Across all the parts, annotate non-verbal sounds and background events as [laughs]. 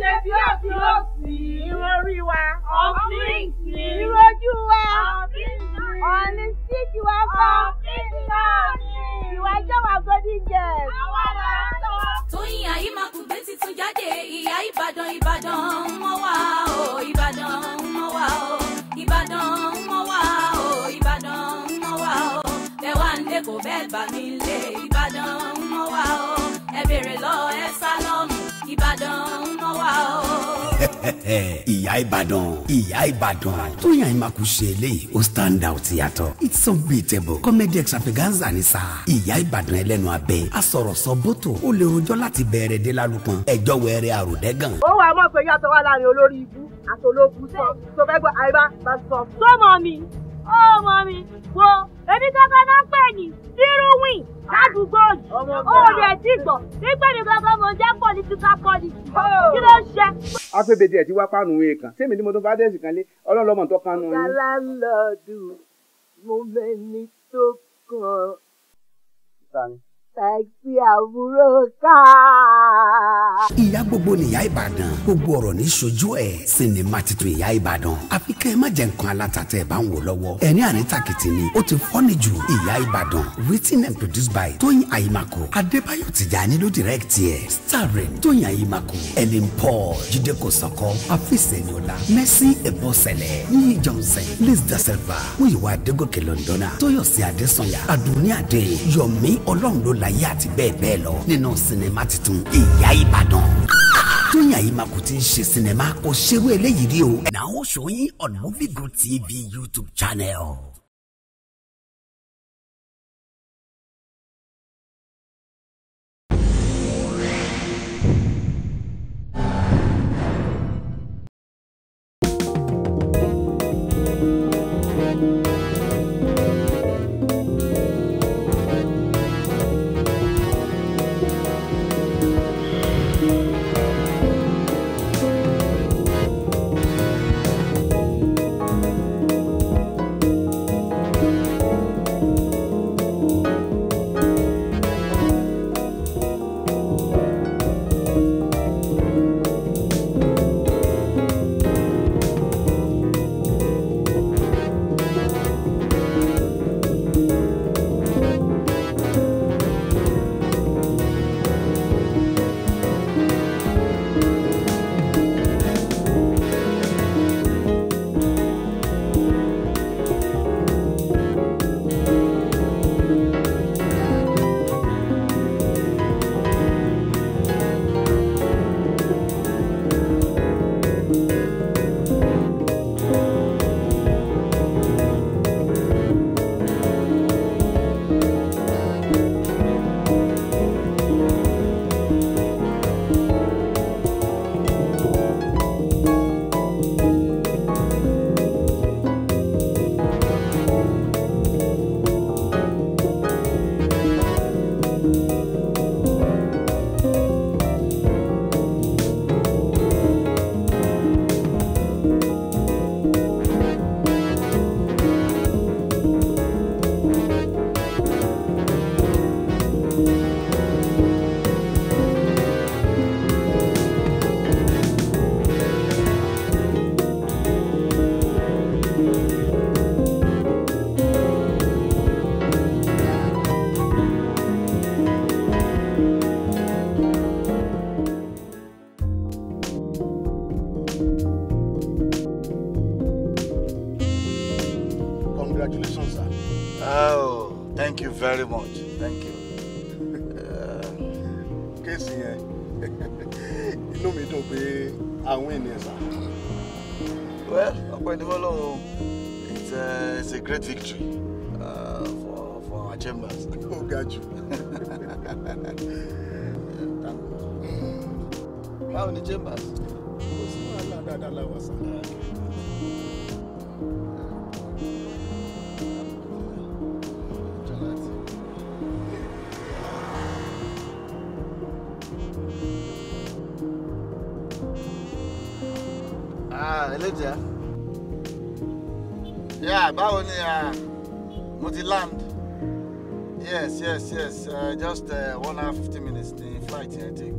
ṣe bí òsì òsì. Ìrọ̀rí wa. Ọ̀fíìs ni. Ìrojú wa. Ọ̀fíìs ni. Ọ̀nì síkì wa bá. Ọ̀fíìs náà ni. Ìwà ìjọba Golden Girls. Àwa là ń sọ. Tóyìn Àyímakùdé ti tún jáde ìyá Ìbàdàn Ìbàdàn mọ́ wá o Ìbàdàn mọ́ wá o Ìbàdàn mọ́ wá o Ìbàdàn mọ́ wá o Ẹ wá ń lé kò bẹ́ẹ̀ bà mí lé Ìbàdàn mọ́ wá o Ẹ bèrè lọ ẹ sá lọ́mù ìbàdàn mọ́ wa o. ìyá ìbàdàn ìyá ìbàdàn tó yàn ẹ́ máa kú ṣe eléyìí ó stand out yàtọ̀ it's unbeatable comedy extravaganza ni sa ìyá ìbàdàn ẹlẹ́nu abẹ́ asọ̀rọ̀sọ bótò ó lè rojọ́ láti bẹ̀rẹ̀ dé lálùpọ̀n ẹjọ́ wẹ̀rẹ̀ àròdẹ́gàn. ó wà mọ̀ pé yàtọ̀ wà láàrin olórí ibú àtológun sọ tó fẹ́ gbọ́ àìbá bá sọ sọ́mọ mi ọmọ oh, mi wo èmi kankan náà pè ní zirowin ládùúgbò yìí ó rẹ̀ ti gbọ̀ nígbà mi kankan mo jẹ́ political policy oh. kí ló ń ṣe. afẹ́bẹ̀dẹ̀ ti wá pàánù wẹ̀ kan sẹ́mi ni mo tún bá dẹ́sì kan lé ọlọ́lọ́mọ tó kan nù. kálá lọ́ọ̀dù mo mẹ́ni tó kàn tàìsí àbúrò ká. ìyá gbogbo nìyá ìbàdàn gbogbo ọ̀rọ̀ ní sojú ẹ̀ sinimá titun ìyá ìbàdàn àfi kẹ́ ẹ má jẹ nǹkan alátatẹ̀ bá ń wò lọ́wọ́ ẹni àrítàkìtì ni ó ti fọ́ni jù ìyá ìbàdàn written and produced by tóyìn àyìnbákò adébáyò tìjàni ló direct ẹ̀ starring tóyìn àyìnbákò ellen paul jíde kòsọ́kọ́ àfìsẹ́niọ́lá mercy ẹ̀bọ́sẹ̀lẹ̀ yíyí johnson liz da silva muyiwa adégòkè londona tóyọ̀sí adésanya àdùnní adé yọ̀mí ọlọ́run ló la àlàyé àti bẹ́ẹ̀ bẹ́ẹ̀ lọ nínú sinimá titun ìyá ìbàdàn tóyìn àyímakù ti ń ṣe sinimá kò ṣerú eléyìí rí o. now showing on Movie Good TV YouTube channel. yeah báwo ni mo ti land yes yes yes uh, just uh, one hour fifty minutes the flight I take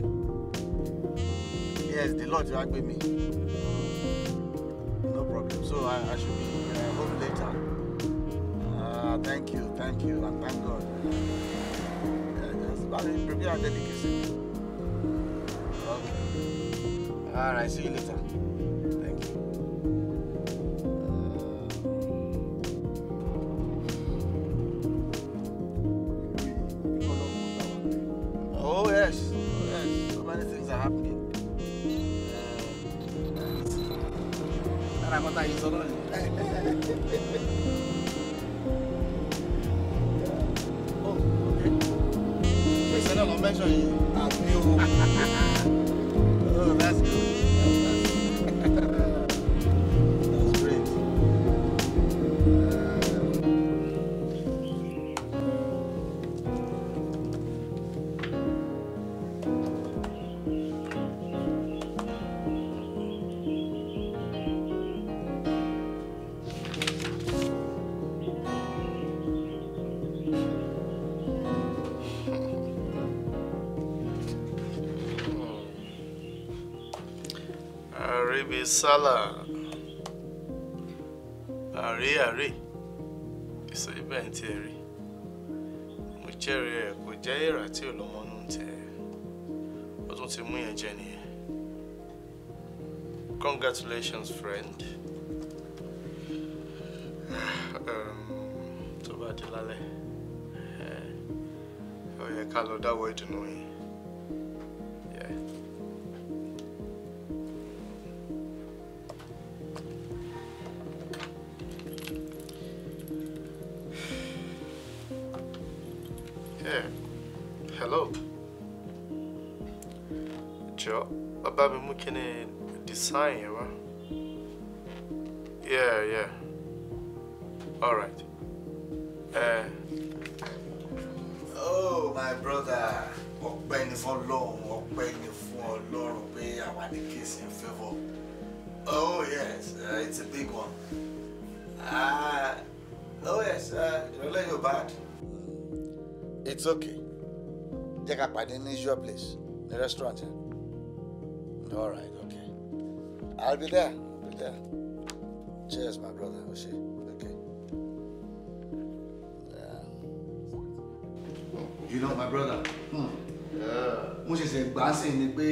yes the Lord will agree me. no problem so I, I should be uh, home later uh, thank you thank you and thank God uh, okay all right see you later. Sala, àrè àrè ìsọ ibẹ̀ ń tiẹ̀ rí mo jẹ́rìí ẹ̀ kò jẹ́ ìrà tí ò lọ́mọ nù tẹ̀ ó tún ti mú yẹn jẹ nìyẹn congratulations friend ehm, tó bá dé lálẹ́ ó yẹ ká lọ dáwọ́ ìdùnnú yìí. babe mukene uh, design yawa yeah yeah all right uh, oh my brother ọpẹ́ for long, Ọlọ́run ọpẹ́ ni fún Ọlọ́run pé àwa ní case in favour oh yes uh, it's a big one ah uh, oh yes uh, ìrọ̀lẹ́ yóò bad. it's okay jẹ́ ká pàdé ní usual place the restaurant Yeah? All right, okay. I'll be there. I'll be there. Cheers, my brother. Oshé. Okay. Yeah. You know, my brother. Hmm. Mo ṣẹ̀ṣẹ̀ gbà sí ni pé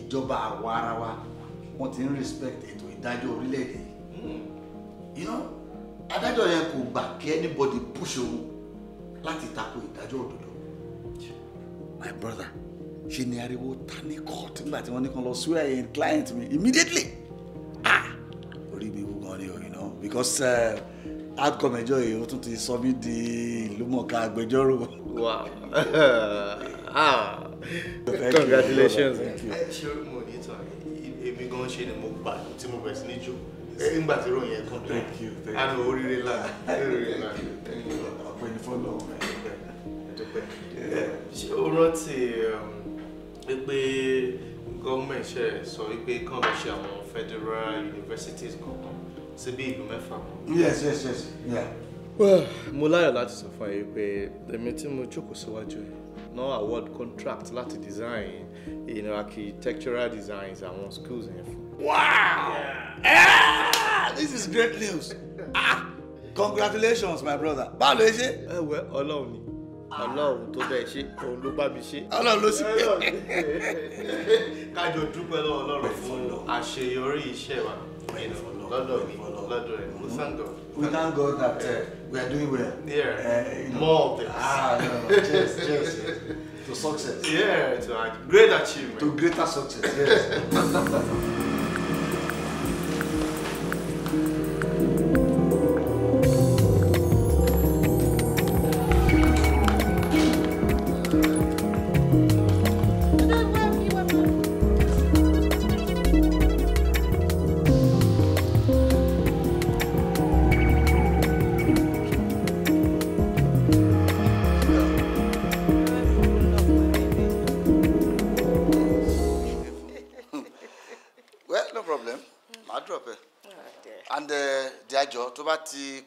ìjọba àwa ara wa wọ́n ti ń respect ètò ìdájọ́ orílẹ̀-èdè yìí. Hmm. You know, adájọ́ yẹn kò gbà kí anybody push òun láti tako ìdájọ́ òdodo. My brother ṣe ni ariwo ta ní kóòtù nígbà tí wọ́n ní kan lọ swear in client mi immediately ah orí mi wúgan ni o you know because uh, outcome ẹjọ́ yìí ó tún ti sọ mí di ìlúmọ̀ọ́ká agbẹjọ́rò. wow [laughs] ah congratulations ṣé mo ní tán èmi gan ṣe ni mo gbà tí mo bẹ̀rẹ̀ sí ní jó nígbà tí ròyìn ẹ̀ kàn dé àná oríire lára oríire lára ọ̀pẹ ní fọ́lọ́ ọ̀hún ẹ̀ ṣé o rántí. Um, pé gọ́ọ̀mẹ̀ntì ṣe sọ wípé kàn lọ ṣe àwọn federal universities kankan síbí ìlú mẹ́fà yes yes yes yeah. well mo láyọ̀ láti sọ fún ẹ pé èmi tí mo jókòó síwájú ẹ̀ award contract láti design in architectural designs àwọn schools yẹn fún. wow ah, this is great news ah congratulations my brother báwo ló ṣe. ẹ eh, wẹ Ọlọ́run ni ọlọ́run tó bẹ́ẹ̀ ṣe òun ló bá mi ṣe ọlọ́run ló sì bẹ́ẹ̀. kájọ dúpẹ́ lọ́wọ́ ọlọ́run fún àṣeyọrí iṣẹ́ wa lọ́dọ̀ mi lọ́dọ̀ rẹ̀ we mm-hmm. thank God. we thank God that uh, we are doing well. yeah uh, you know, more of ah no no just, just. to success. yeah to a great achievement. to greater success yes. [laughs]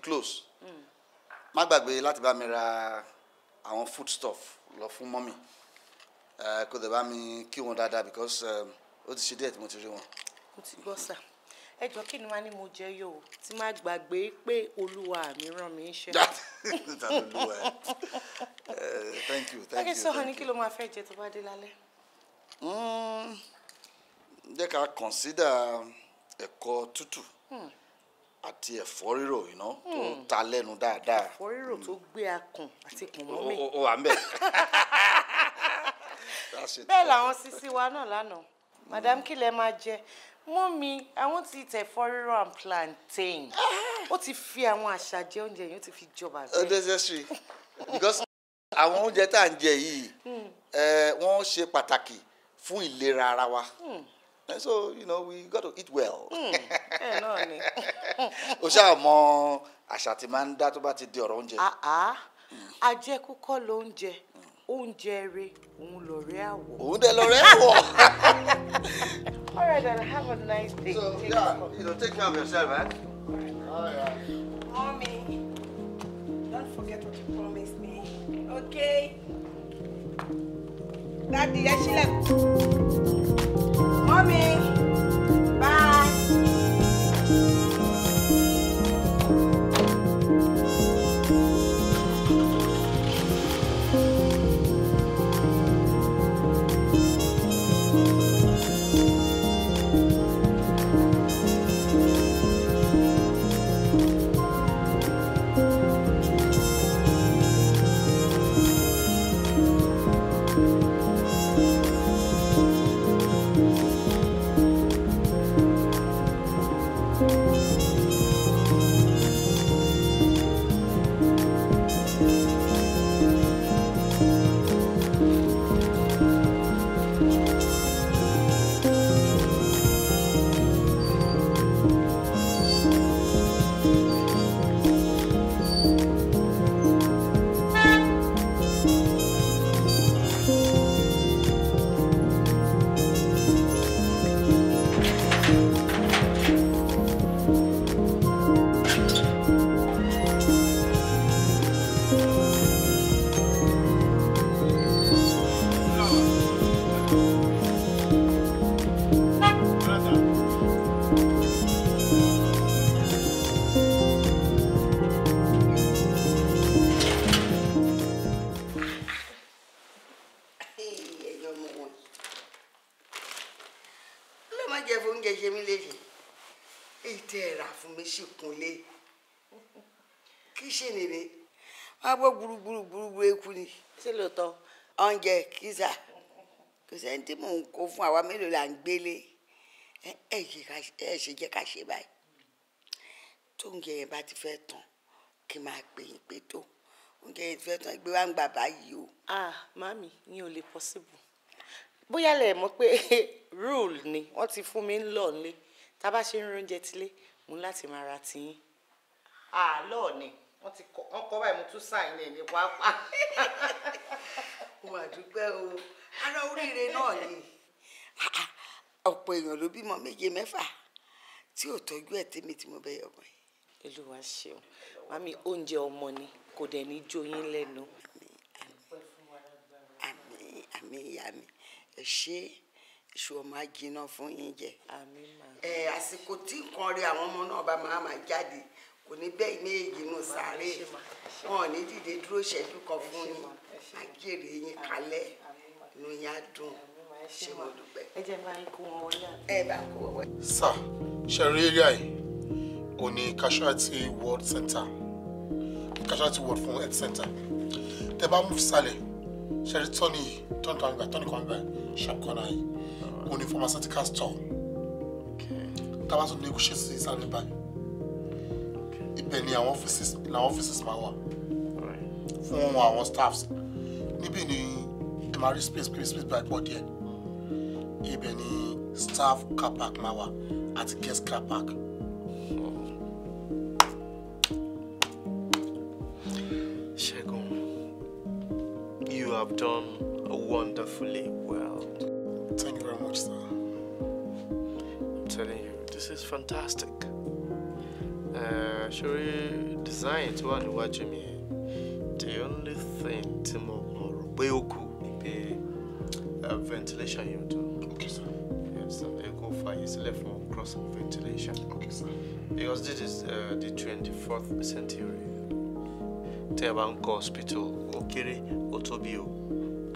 close má gbàgbé láti bá mi ra àwọn food stuff lọ fún mọ́mì kó dẹ̀ bá mi kí wọn dáadáa because ó ti ṣe díẹ̀ tí mo ti rí wọn. mo ti gbọ́ sà ẹ jọ kí ni wàá ní mo jẹ yóò tí má gbàgbé pé olúwa mi rán mi iṣẹ́. [laughs] thank you thank you. ẹ sọ honey kí ló máa fẹ́ jẹ tó bá dé lálẹ́. Hmm, jẹ́ ká consider ẹ̀kọ tútù. Hmm àti ẹ̀fọ́ rírò iná tó hmm. ta lẹ́nu dáadáa. ẹ̀fọ́ rírò tó hmm. gbé akùn àti kùnmọ́mì. o wà ń bẹ̀. [laughs] bẹ́ẹ̀ làwọn sisi wa náà lánàá madam hmm. kí lẹ máa jẹ mọ́mì àwọn ti tẹ ẹ̀fọ́ and plantain ó ti fi àwọn àṣà jẹ oúnjẹ yìí ó ti fi jọba bẹ́ẹ̀. unnecessary oh, because àwọn oúnjẹ tá à ń jẹ yìí eh, wọ́n ṣe pàtàkì fún ìlera ara wa. Hmm. And so you know we got to eat well. Hmm, ẹ náà ni. [laughs] o ṣáà mọ àṣà tí di ọ̀rọ̀ oúnjẹ. àá ah, ajẹ́kú ah. hmm. kọ́ lóúnjẹ oúnjẹ rẹ òun lọ̀rẹ́ àwọ̀. òun dẹ̀ lọ̀rẹ́ àwọ̀. [laughs] all right then have a nice day. so take yeah care. you know take care of yourself. Eh? Oh, yeah. mommy don't forget what you promised me okay. daddy ẹ ṣílẹ̀kùn. Amém. mi sì kí ṣe nìyẹn wọn gbọ́ gburugburu gburugburu eku ni ṣé lóòótọ́ oúnjẹ kíza kò sẹ́ni tí mò ń kó fún àwa mélòó là ń gbélé ẹ ṣe jẹ́ ká ṣe báyìí tó oúnjẹ yẹn bá ti fẹ́ tán kí n máa pè yín pé tó oúnjẹ yẹn ti fẹ́ tán gbé wá ń gbà báyìí o. ah mami yín ò lè possible bóyá lè mọ̀ pé [laughs] rule ni wọ́n ti fún mi ń lọ nílé tá a bá ṣe ń rí oúnjẹ tilé mo ní láti máa ra tiyín àlọ́ ni wọ́n ti kọ́ wọ́n kọ́ báyìí mo tún sáìn ní ẹ̀mí pápá. wà [laughs] á dúpẹ́ o ara oríire náà ni. ọ̀pọ̀ èèyàn ló bímọ méje mẹ́fà tí ò tọ́jú ẹ̀ tèmi tí mo bẹ yọ ọmọ yìí. olúwa ṣeun mami oúnjẹ ọmọ ni kò dẹ̀ ní jóyín lẹ́nu. àmì àmì àmì ìyá mi ẹ ṣe é ṣù ọ máa jiná fún yín jẹ ẹ àsìkò tí nǹkan rí àwọn ọmọ náà bá máa máa jáde kò ní bẹ́ẹ̀ ní èyí nù sáré wọn ò ní dìde dúró ṣẹ́jú kan fún yín àgèrè yín kalẹ̀ inú yín á dùn ṣé mo dúpẹ́. ẹ jẹ́ bá ń kó wọn wọlé àbí. ẹ bá kó wọn wọlé. sà ṣẹ̀rí eré àyè ò casualty world center casualty world fún health center tẹ bá mú sálẹ̀ ṣẹ̀rí tọ́ni yìí tọ́ni kan gbà tọ́ni kan gbà ṣàkóná yìí òun ni pharmaceutical store tábà tún ní kúṣe sí sáré báyìí ibẹ̀ ni àwọn offices ni àwọn offices máa wà fún àwọn staffs níbí ni ẹ space space space báyìí pọ̀ díẹ̀ ibẹ̀ staff car park máa wà guest car park. Ṣẹ́gun, you have done wonderfully fantastic ṣorí eh, design tó wà níwájú mi the only thing tí mo rò pé ó kù ni pé eh, ventilation yóò dùn ẹ kò fààyè sílẹ̀ fún cross ventilation okay, sir. because this is uh, the twenty fourth century tẹ́ ẹ bá ń kọ́ hospital ó kéré ó tóbi o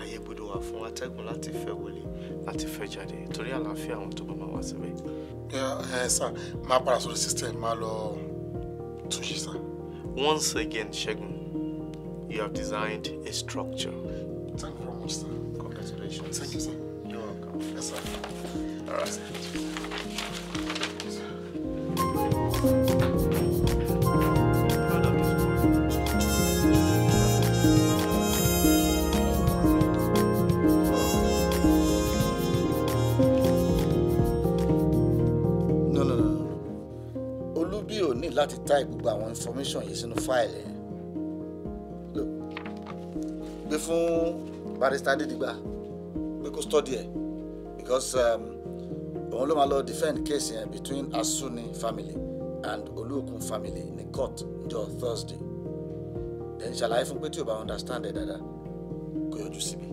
àyè gbọ́dọ̀ wà fún atẹ́gùn láti fẹ́ wọlé láti fẹ́ jáde torí àlàáfíà àwọn tó bá máa wá síbẹ̀. ẹ ẹ sà máa padà sórí system máa lọ tún ṣe sà. once again Ṣẹ́gun you have designed a structure. thank you very much sir. congratulations. thank you sir. you're welcome. yes sir. all right. láti type gbogbo àwọn information yìí sínú fáìlì yẹn gbé fún barrister Dídìgbà pé kó study ẹ̀ because um, òun ló máa lọ defend case yẹn between Asuni family and Olúòkun family ní court njọ́ Thursday then ṣàlàyé fún pé tí o bá understand ẹ dáadáa kó yọjú síbi.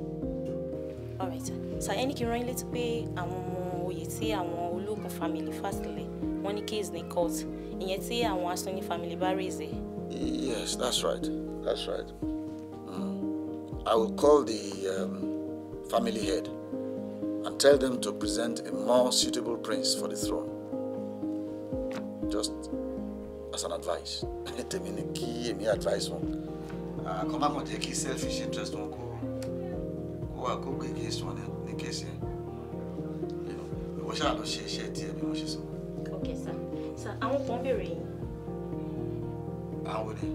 alright sir ẹni kí n rán yín létí pé àwọn ọmọ oyè tí àwọn Olúòkun family fásilẹ̀ wọ́n ní case ní court ìyẹn tí àwọn Asuni family bá raise. E. yes that's right that's right mm. I will call the um, family head and tell them to present a more suitable prince for the throne just as an advice [laughs] tèmi ni kí èmi advice wọn. kọ́ má kàn jẹ́ kí selfish interest wọn kó kó wà kó gbé case wọn ní case yẹn ìwọ ṣáà lọ ṣe iṣẹ́ tiẹ̀ bí wọ́n ṣe sọ. ok sir sir I'm àwọn kan béèrè yín. àwọn wo ni.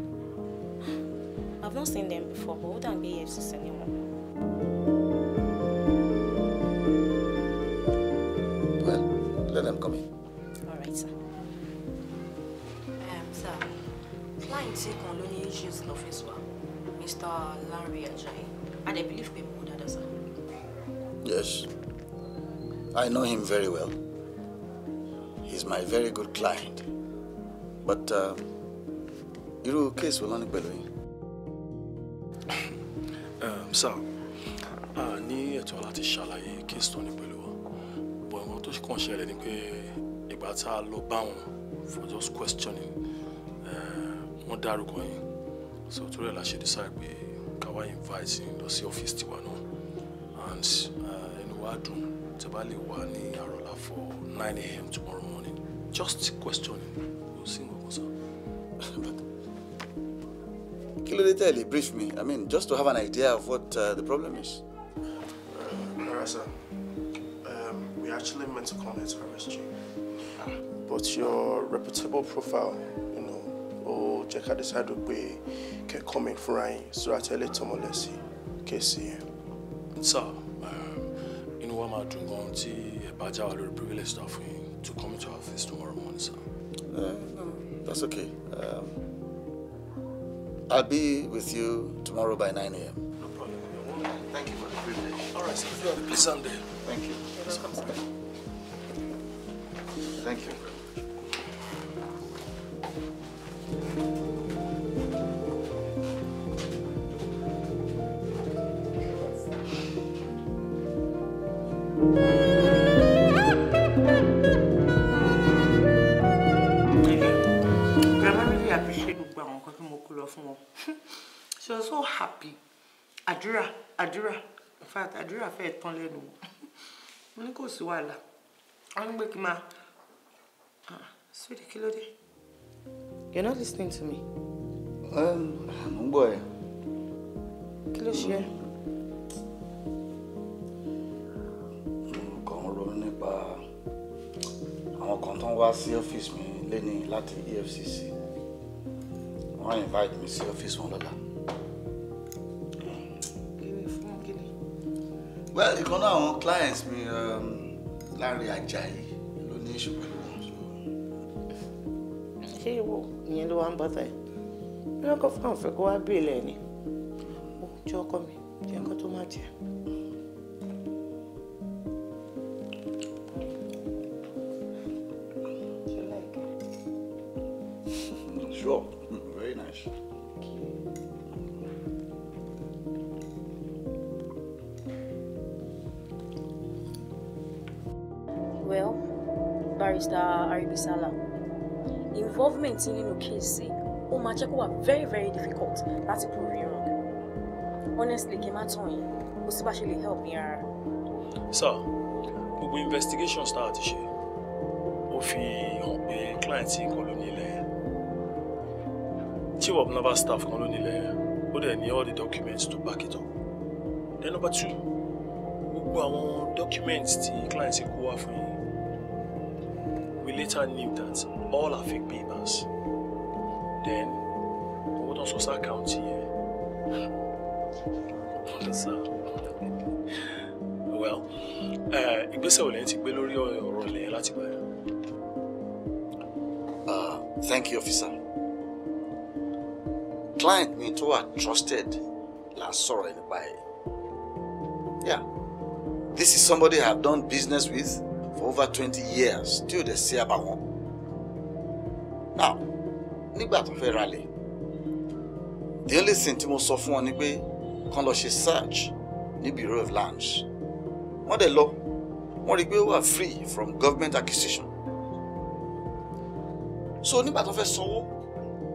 I've not seen them before but ó dàgbé EFCC ni wọn. well let them come in. all right sir. Um, sir client kan ló ní issues lọ́fíìsì wa Mr. Larry Ajay, and I believe pé mo dáadáa sir. yes I know him very well. my very good client but you uh, know, case will only ní pẹ̀lú yín. Um, sir to allow this. Shall I, case tó ní pẹ̀lú wa but nǹkan tó kàn ṣẹlẹ̀ ni pé ìgbà tá a for just questioning uh, wọ́n dárúkọ yín so torí ẹ̀ la ṣe decide pé káwa invite him to sí office tiwa náà and ẹnu uh, wa dùn tí a bá for 9 a.m. tomorrow just question kò sí nǹkan sọ. kí ló dé tẹ̀lé brief me i mean just to have an idea of what uh, the problem is. rárá uh, sir um, we actually meant to come here to arrest you but your reputable profile you know ó jẹ́ ká decide pé kẹ́ come in fúnra so I tell sí kéèsì yẹn. sir um, inú wa máa dùn gan-an tí ẹ bá já wa privilege náà fún yín. to come to our office tomorrow morning, sir. Uh, no, that's okay. Um, I'll be with you tomorrow by 9 a.m. No problem. Thank you for the privilege. All right, sir. You have a pleasant day. Thank you. You're welcome, sir. Thank you. àdúrà fẹ́ tán lẹ́nu mo ní kò sí wàhálà wọ́n ní pé kí n máa ah, sweet kí ló dé. you're not listening to me. àmọ́ gbọ́ ẹ. kí ló ṣe é. nǹkan ń ronú nípa àwọn kan tó ń wá sí ọ́fíìsì mi lẹ́ni láti EFCC wọ́n invite mi sí ọ́fíìsì wọn lọ́la. well ìkan náà àwọn clients mi um, láàrin ajayi ló ní ìṣù pẹ̀lú wọn. ṣé ìwọ ìyẹn ló wá ń bọ́tà ẹ̀ bí wọ́n kọ́ fún àǹfẹ́ kó wá bí ilẹ̀ ni ó jẹ́ ọkọ mi jẹ́ nǹkan tó má jẹ́. Sure, [laughs] very nice. barrister Aribisala involvement in kéèsì case, máa jẹ́ kó wà very very difficult láti prove wrong honestly kí n má tàn yín help me, rárá. sir gbogbo investigation start to ṣe ó fi hàn pé client yìí kan ló nílẹ̀ chief of naval staff kan ló nílẹ̀ ó dẹ̀ ní all the documents to back it up then number two we àwọn documents tí clients kó wá fún yín we later knew that all are fake papers. Then, what was our county here? well, eh, ìgbésẹ̀ wo lẹ́yìn ti gbé lórí ọ̀rọ̀ ilẹ̀ yẹn láti ah, Thank you, officer. Client me tó a trusted là ń sọ̀rọ̀ nípa Yeah, this is somebody I have done business with. for over twenty years still ò dẹ̀ sí àbá now nígbà tó fẹ́ ralẹ̀ the only thing tí mo sọ fún wọn ni pé kàn lọ ṣe search ní bureau of lands wọ́n dẹ̀ lọ wọ́n rí i pé ó wà free from government acquisition. so nígbà tó fẹ́ sanwó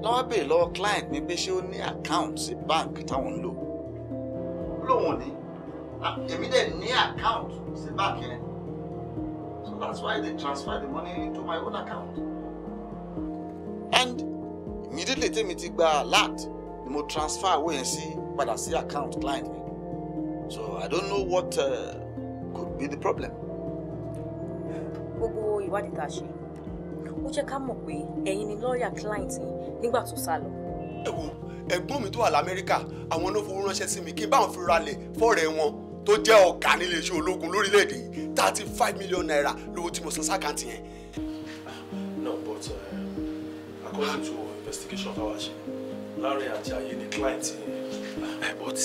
lọ́wọ́ béèrè lọ́wọ́ client ní pé ṣé ó ní account sí bank táwọn ń lò lóun ni ah, èmi dẹ̀ ní account sí bank yẹn. That's why they transfer the money into my own account. And immediately tèmi ti gba alert ni mo transfer and see sí padà sí account client So I don't know what uh, could be the problem. Gbogbo you tá it ṣe, ó jẹ́ come up with any lawyer lọ́ọ̀yà client yín to tó sá lọ. Ẹ wo ẹ̀gbọ́n mi tó wà l'Amẹ́ríkà, àwọn ló fowó ránṣẹ́ sí mi kí n báwọn fi tó jẹ́ ọ̀gá nílé ológun lórílẹ̀‐èdè thirty five million naira lówó tí mo san sákàǹtì yẹn. no but uh, according to investigation tá a wá ṣe láàrin àti àyè ni client yẹn uh, [laughs] but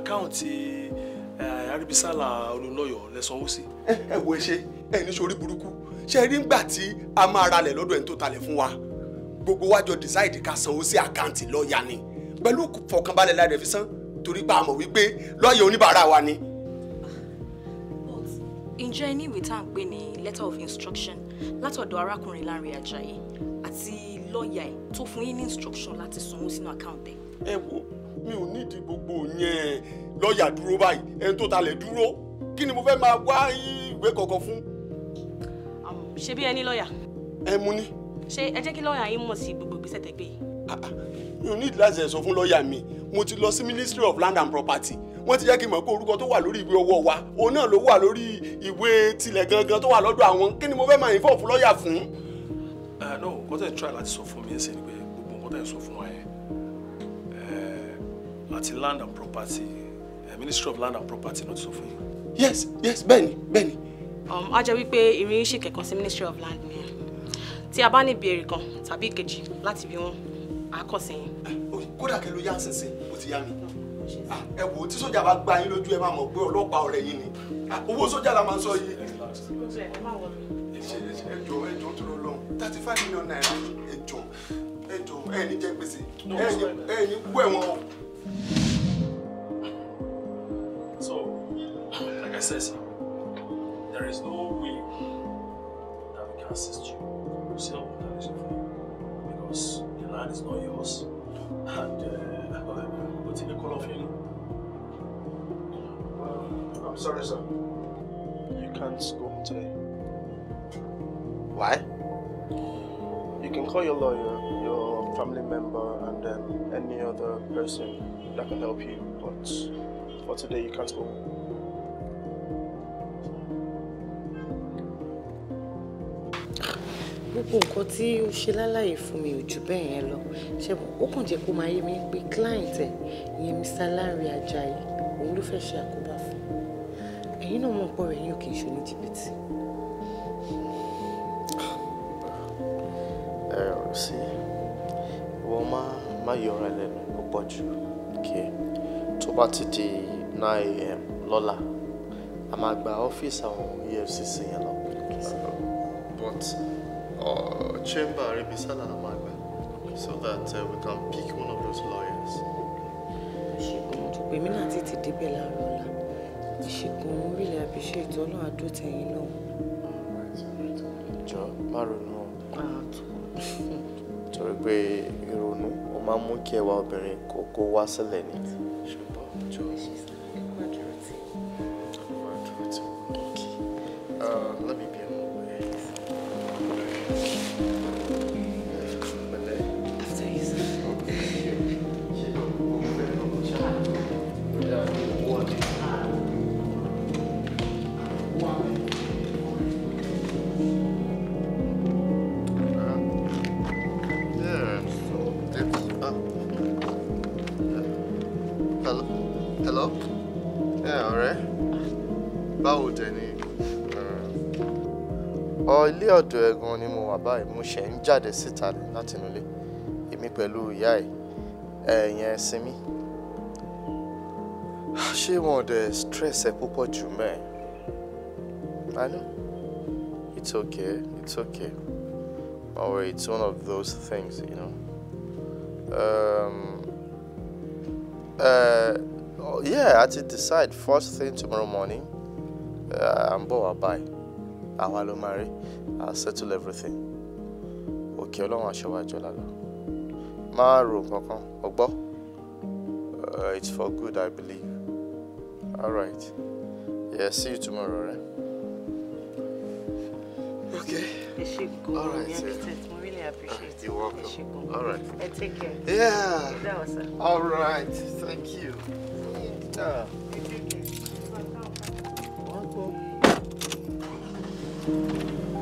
àkáǹtì uh, uh, arìbísálà olùlọ́yọ̀ lẹ́sànwó sí. ẹ wo ẹ ṣe ẹ ní sori burúkú ṣe rí ngbà tí a máa ralẹ̀ lọ́dọ̀ ẹni tó talẹ̀ fún wa gbogbo wa jọ decide ká sanwó sí àkáǹtì lọ́ọ̀yà ni pẹ̀lú fọkànbalẹ̀ la rẹ̀ fi san torí pé a mọ̀ wípé lọ́ọ̀yà oníbàárà wa ni. ǹjẹ́ ní ìwé tá à ń pè ní letter of instruction látọ̀dọ̀ arákùnrin Lánrè Ajayi àti lọ́ọ̀yà ẹ̀ tó fún yín ní instruction láti sanwó sínú àkáǹtì ẹ̀. ẹ wo mi ò nídìí gbogbo yẹn lọ́ọ̀yà dúró báyìí ẹni tó talẹ̀ dúró kí ni mo fẹ́ máa wá ìwé kọ̀ọ̀kan fún. ṣebí ẹ ní lọ́ọ̀yà. ẹ mú ní. ṣé ẹ jẹ́ kí lọ́ọ̀yà yín mọ̀ sí gbogbo ìgbésẹ̀ tẹ́gbẹ́ yìí. Ah, ah. You need ní ìdí láti ẹ̀sọ́ fún lọ́ọ̀yà mi mo ti lọ sí ministry of land and property wọ́n ti jẹ́ kí n mọ̀ pé orúkọ tó wà lórí ìwé ọwọ́ wa òun náà ló wà lórí ìwé tilẹ̀ gangan tó wà lọ́dọ̀ àwọn kí ni mo fẹ́ máa info fún lọ́ọ̀yà fún. Uh, no nǹkan tẹ̀ try láti sọ fún mi ẹsẹ̀ ni pé gbogbo nǹkan tẹ̀ sọ fún wa yẹn uh, àti land and property uh, ministry of land and property ló ti sọ fún yín. yes yes bẹ́ẹ̀ni bẹ́ẹ̀ni. Um, a jẹ́ wípé ìrìn ṣì kẹ̀kan sí ministry of land nìyẹn tí a bá ní ìbéèrè kan tàbí ìkejì láti bí wọn màá kọ̀ eh, oh, kódà kẹ́ ló yá sínsìn bó ti yá mi ah, ẹ wò tí sójà bá gba yín lójú ẹ máa mọ̀ pé ọlọ́pàá ọ̀rẹ́ yín ni ah, owó sójà la máa ń sọ yìí. ẹjọ ẹjọ tó lọ lọhùn thirty five million naira ẹjọ ẹjọ ẹ ní jẹ gbèsè ẹ ní kú ẹ̀wọ̀n o. So, like I said, there is no way that we can assist you. We still want to for that's not yours. And uh, we'll take a call off you. Um, I'm sorry, sir. You can't go home today. Why? You can call your lawyer, your family member, and then any other person that can help you, but for today, you can't go home. gbogbo nǹkan tí ó ṣe lálàyé fún mi ò jù bẹ́ẹ̀ yẹn lọ ṣe ó kàn jẹ́ kó máa yé mi pé client ẹ̀ ìyẹn Mr. Lanre Ajayi òun ló fẹ́ ṣe àkóbá fún ẹ̀yin náà mọ̀ pọ̀ rẹ̀ yín ò kì í ṣe ní jìbìtì. ẹ ò sí ìwọ má má yọra lẹ́nu ó pọ̀ jù kí tó bá ti di nine a.m. lọ́la a máa gba ọ́fíìsì àwọn EFCC yẹn lọ but uh, chamber Aribisala Amagba so that uh, we can pick one of those lawyers. Ṣègùn èmi náà ti ti débẹ̀ láàárọ̀ ọ̀la. Ṣègùn mo really appreciate Ọlọ́run àdó tẹ̀yìn náà. Jọ má ronú o. Torí pé ìrònú ó máa ń mú kí ẹwà obìnrin kò kó wá sílẹ̀ ni. Ṣùgbọ́n mo ṣẹ̀ ń jáde síta láti inú èmi pẹ̀lú ìyá ẹ̀ ẹ̀yẹn sinmi ṣé wọn ò dẹ̀ stress ẹ púpọ̀ jù mẹ́ẹ̀ I it's okay it's okay don't worry it's one of those things you know um, uh, yeah I did decide first thing tomorrow morning uh, I'm bored by. I will marry. I'll settle everything kí ọlọ́run aṣọ wa lálọ́ má ro nǹkan kan ọgbọ́ uh, it's for good i believe all right yeah see you tomorrow rẹ. okay Alright, right yeah. really appreciate it. You're welcome. All right. I take care. Yeah. That All right. Thank you. Yeah. Thank you.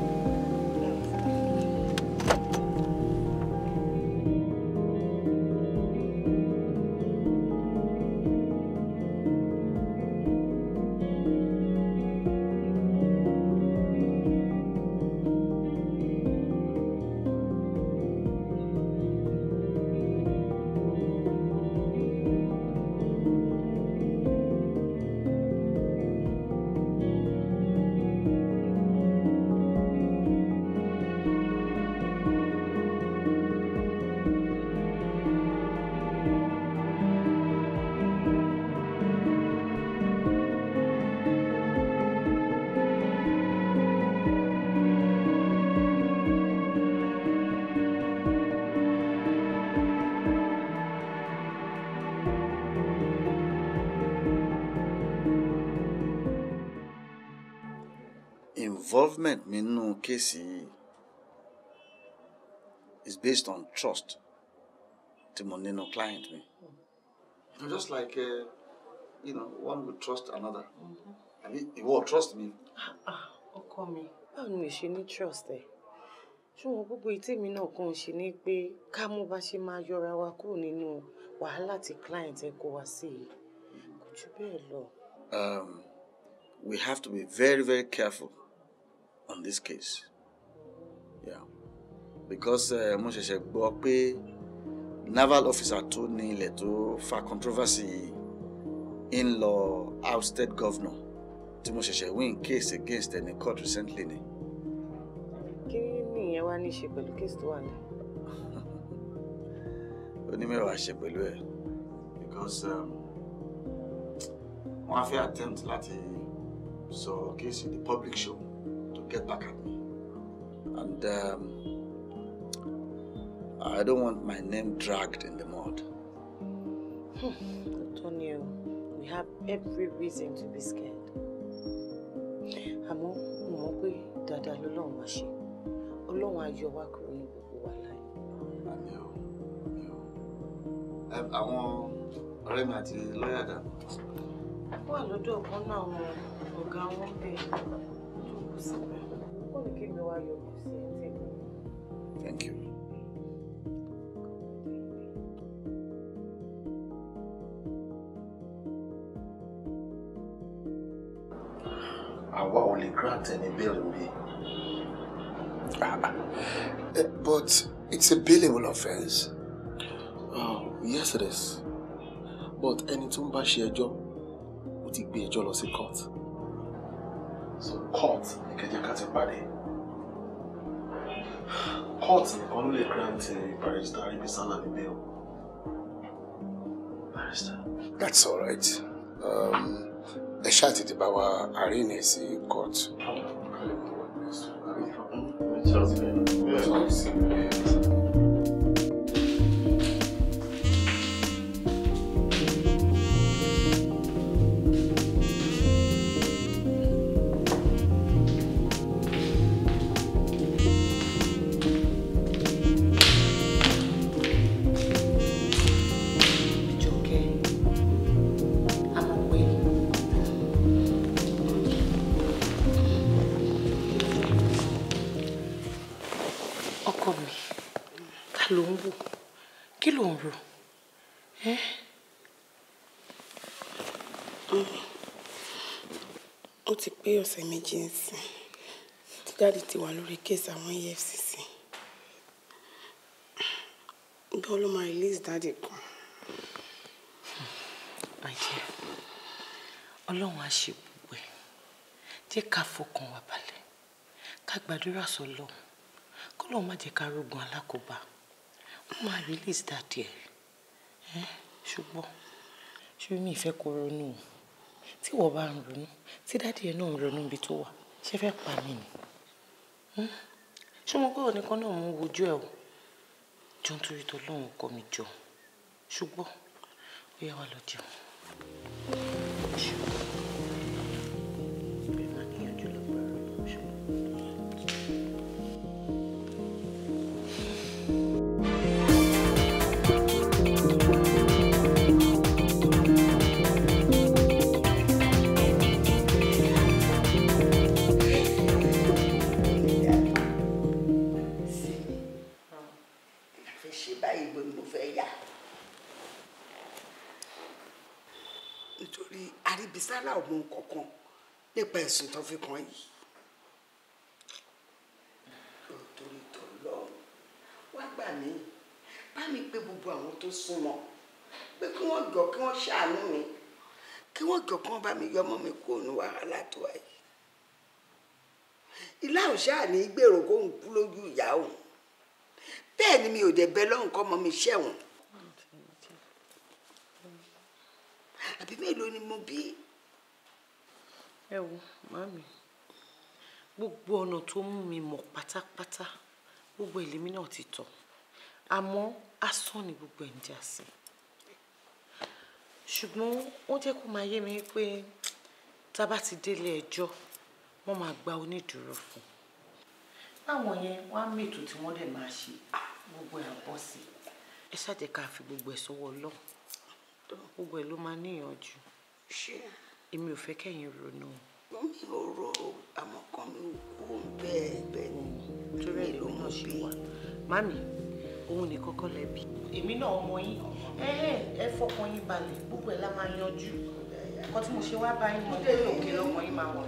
involvement mi nínú kéèsì yìí is based on trust tí mo nínú client mi. Mm-hmm. just like uh, you know one would trust another àbí ìwọ trust mi. Ah, ọkọ mi báwo ni mo ṣe ní trust ẹ ṣùgbọ́n gbogbo ìtẹ́mi náà kàn ṣe ni pé ká mú bá ṣe máa yọra wa kúrò nínú wàhálà tí client ẹ kó wa sí i kò jù bẹ́ẹ̀ lọ. Um, we have to be very, very careful on this case yeah because eh, mo ṣẹ̀ṣẹ̀ gbọ́ pé naval officer tó ní ilẹ̀ tó fa controversy in-law ousted governor tí mo ṣẹ̀ṣẹ̀ win case against ẹni court recently ni. kí ni ìyẹn wá ní í ṣe pẹ̀lú case tó wà ní. onímẹ̀wàá [laughs] ṣe pẹ̀lú ẹ̀ because um, wọ́n á fẹ́ attempt láti sọ in the public show get back at me. And um, I don't want my name dragged in the mud. Hmm, Antonio, we have every reason to be scared. Àmọ́ mo mọ̀ pé dáadáa lọ́lọ́run máa ṣe. Ọlọ́run á yọ wá kúrò ní gbogbo wa láì. Àmì ọ̀ àmì ọ̀. Thank you. àwa will lè grant any bill bail be. Ah, ah. eh, but it's a billable offense. Oh, yes it is. But any tó ń bá ṣe ẹjọ́ ó ti gbé ẹjọ́ court. So court you can't ká a body kóòtù nìkan ló lè grant barrister Aribisala ní bail. barrister. that's all right. ẹ ṣáà tètè bá wa àríyìn sí kóòtù. Thank you. ló ń wò kí ló ń rò ẹ́. ó ti pé ọ̀sẹ̀ méjì nsìn tí dáàdi ti wà lórí kéèsì àwọn EFCC bí wọ́n ló máa release dáàdi kan. àyè ọlọ́run á ṣe gbogbo ẹ̀ jẹ́ ká fọkàn wà balẹ̀ ká gbàdúrà sọ́lọ́run kọ́lọ́run má jẹ́ ká rógun alákòóbá mo máa release that ẹ ṣùgbọ́n ṣùgbọ́n mi ìfẹ́ kó ronú o tí wọ́n bá ń ronú tí dáàdì ẹ náà ń ronú ibi tó wà ṣé fẹ́ pa mí ni ṣé mo kúrò nìkan náà mo ń wojú ẹ o jọ nítorí tó lóun kọ mi jọ ṣùgbọ́n ó yẹ wá lọ jẹun. sálà ọmọ kankan nípa ẹ̀sùn tó fi kàn yìí. torí tó lọ wá gbà mí bá mi pé gbogbo àwọn tó súnmọ́ pé kí wọ́n jọ kí wọ́n ṣàánú mi kí wọ́n jọ kí wọ́n bá mi yọmọ mi kúrò ní wàhálà tó wà yìí. ilá òṣà ní gbèrò kóhùn kú lójú ìyá òun bẹ́ẹ̀ ni mi ò dẹ̀ bẹ lọ́hùn kọ́ mọ́ mi ṣẹ̀wọ̀n àbí mélòó ni mo bí ẹ wo màámi gbogbo ọ̀nà tó mú mi mọ̀ pátápátá gbogbo èlémi náà ti tọ̀ àmọ́ asán ni gbogbo ẹ̀ ń já sí ṣùgbọ́n wọ́n jẹ́ kó máa yé mi pé tá a bá ti délé ẹjọ́ wọ́n máa gba onídùúró fún un báwọn yẹn wọ́n á mètò tí wọ́n dẹ̀ máa ṣe gbogbo ẹ̀ bọ́ sí i ẹ ṣáà jẹ́ ká fi gbogbo ẹ̀ sọ́wọ́ Ọlọ́run gbogbo ẹ̀ ló máa níyànjú. ṣé èmi ò fẹ́ kẹ́yìn ronú. mi ò rò àmọ́ mi ò bẹ́ẹ̀ bẹ́ẹ̀ ni torí ẹ̀ mọ̀ sí wa. mami òun ní kọ́kọ́ lẹ́bi. èmi náà ọmọ yín ẹ fọkàn yín balẹ̀ gbogbo ẹ̀ la máa yanjú ẹ̀kọ́ tí mo ṣe wá bá yín mo dé òkè lọ́mọ yín máa wọ̀.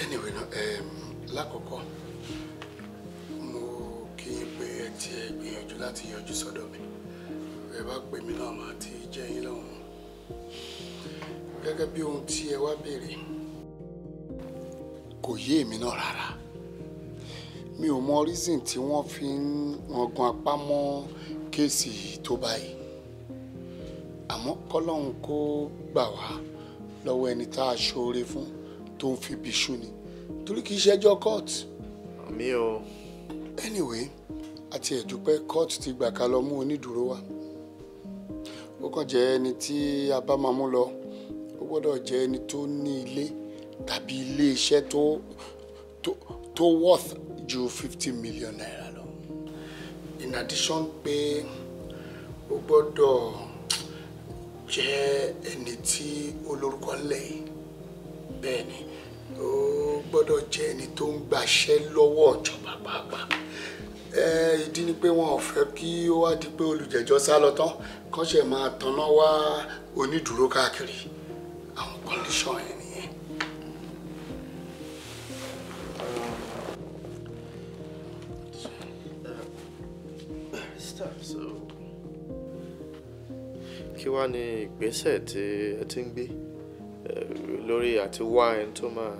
anyway náà lákọ̀ọ́kọ́ mo kí n pé ẹ ti ẹ gbìyànjú láti yọjú sọ́dọ̀ mi ẹ bá pè mí náà máa ti jẹ́ yín lọ́hùn gẹ́gẹ́ bí ohun tí ẹ wá béèrè kò yé èmi náà rárá mi ò mọ reason tí wọ́n fi ń rangan apá mọ́ kéèsì tó báyìí àmọ́ kọ́lọ́hún kó gbà wá lọ́wọ́ ẹni tá a ṣoore fún tó ń fi bíṣú ni torí kì í ṣẹjọ́ court. mi ò. anyway àti ẹ̀dúpẹ́ court ti gbà ká lọ mú onídùúró wa ó kàn jẹ́ ẹni tí a bá máa mú lọ gbọ́dọ̀ jẹ́ ẹni tó ní ilé tàbí ilé iṣẹ́ tó tó tó worth ju fifty million naira lọ in addition pé ó gbọ́dọ̀ jẹ́ ẹni tí olórúkọ ńlẹ̀ bẹ́ẹ̀ ni ó gbọ́dọ̀ jẹ́ ẹni tó ń gbaṣẹ́ lọ́wọ́ ìjọba pàápàá ìdí ni pé wọn ò fẹ́ kí ó wá di pé olùjẹ́jọ́ sá lọ tán kọ́ṣẹ̀ máa tanná wá onídùúró káàkiri kọ̀ǹdíṣọ̀n yẹn nìyẹn. kí wá ní ìgbésẹ̀ tí ẹ ti ń gbé eh, lórí àti wá ẹni tó máa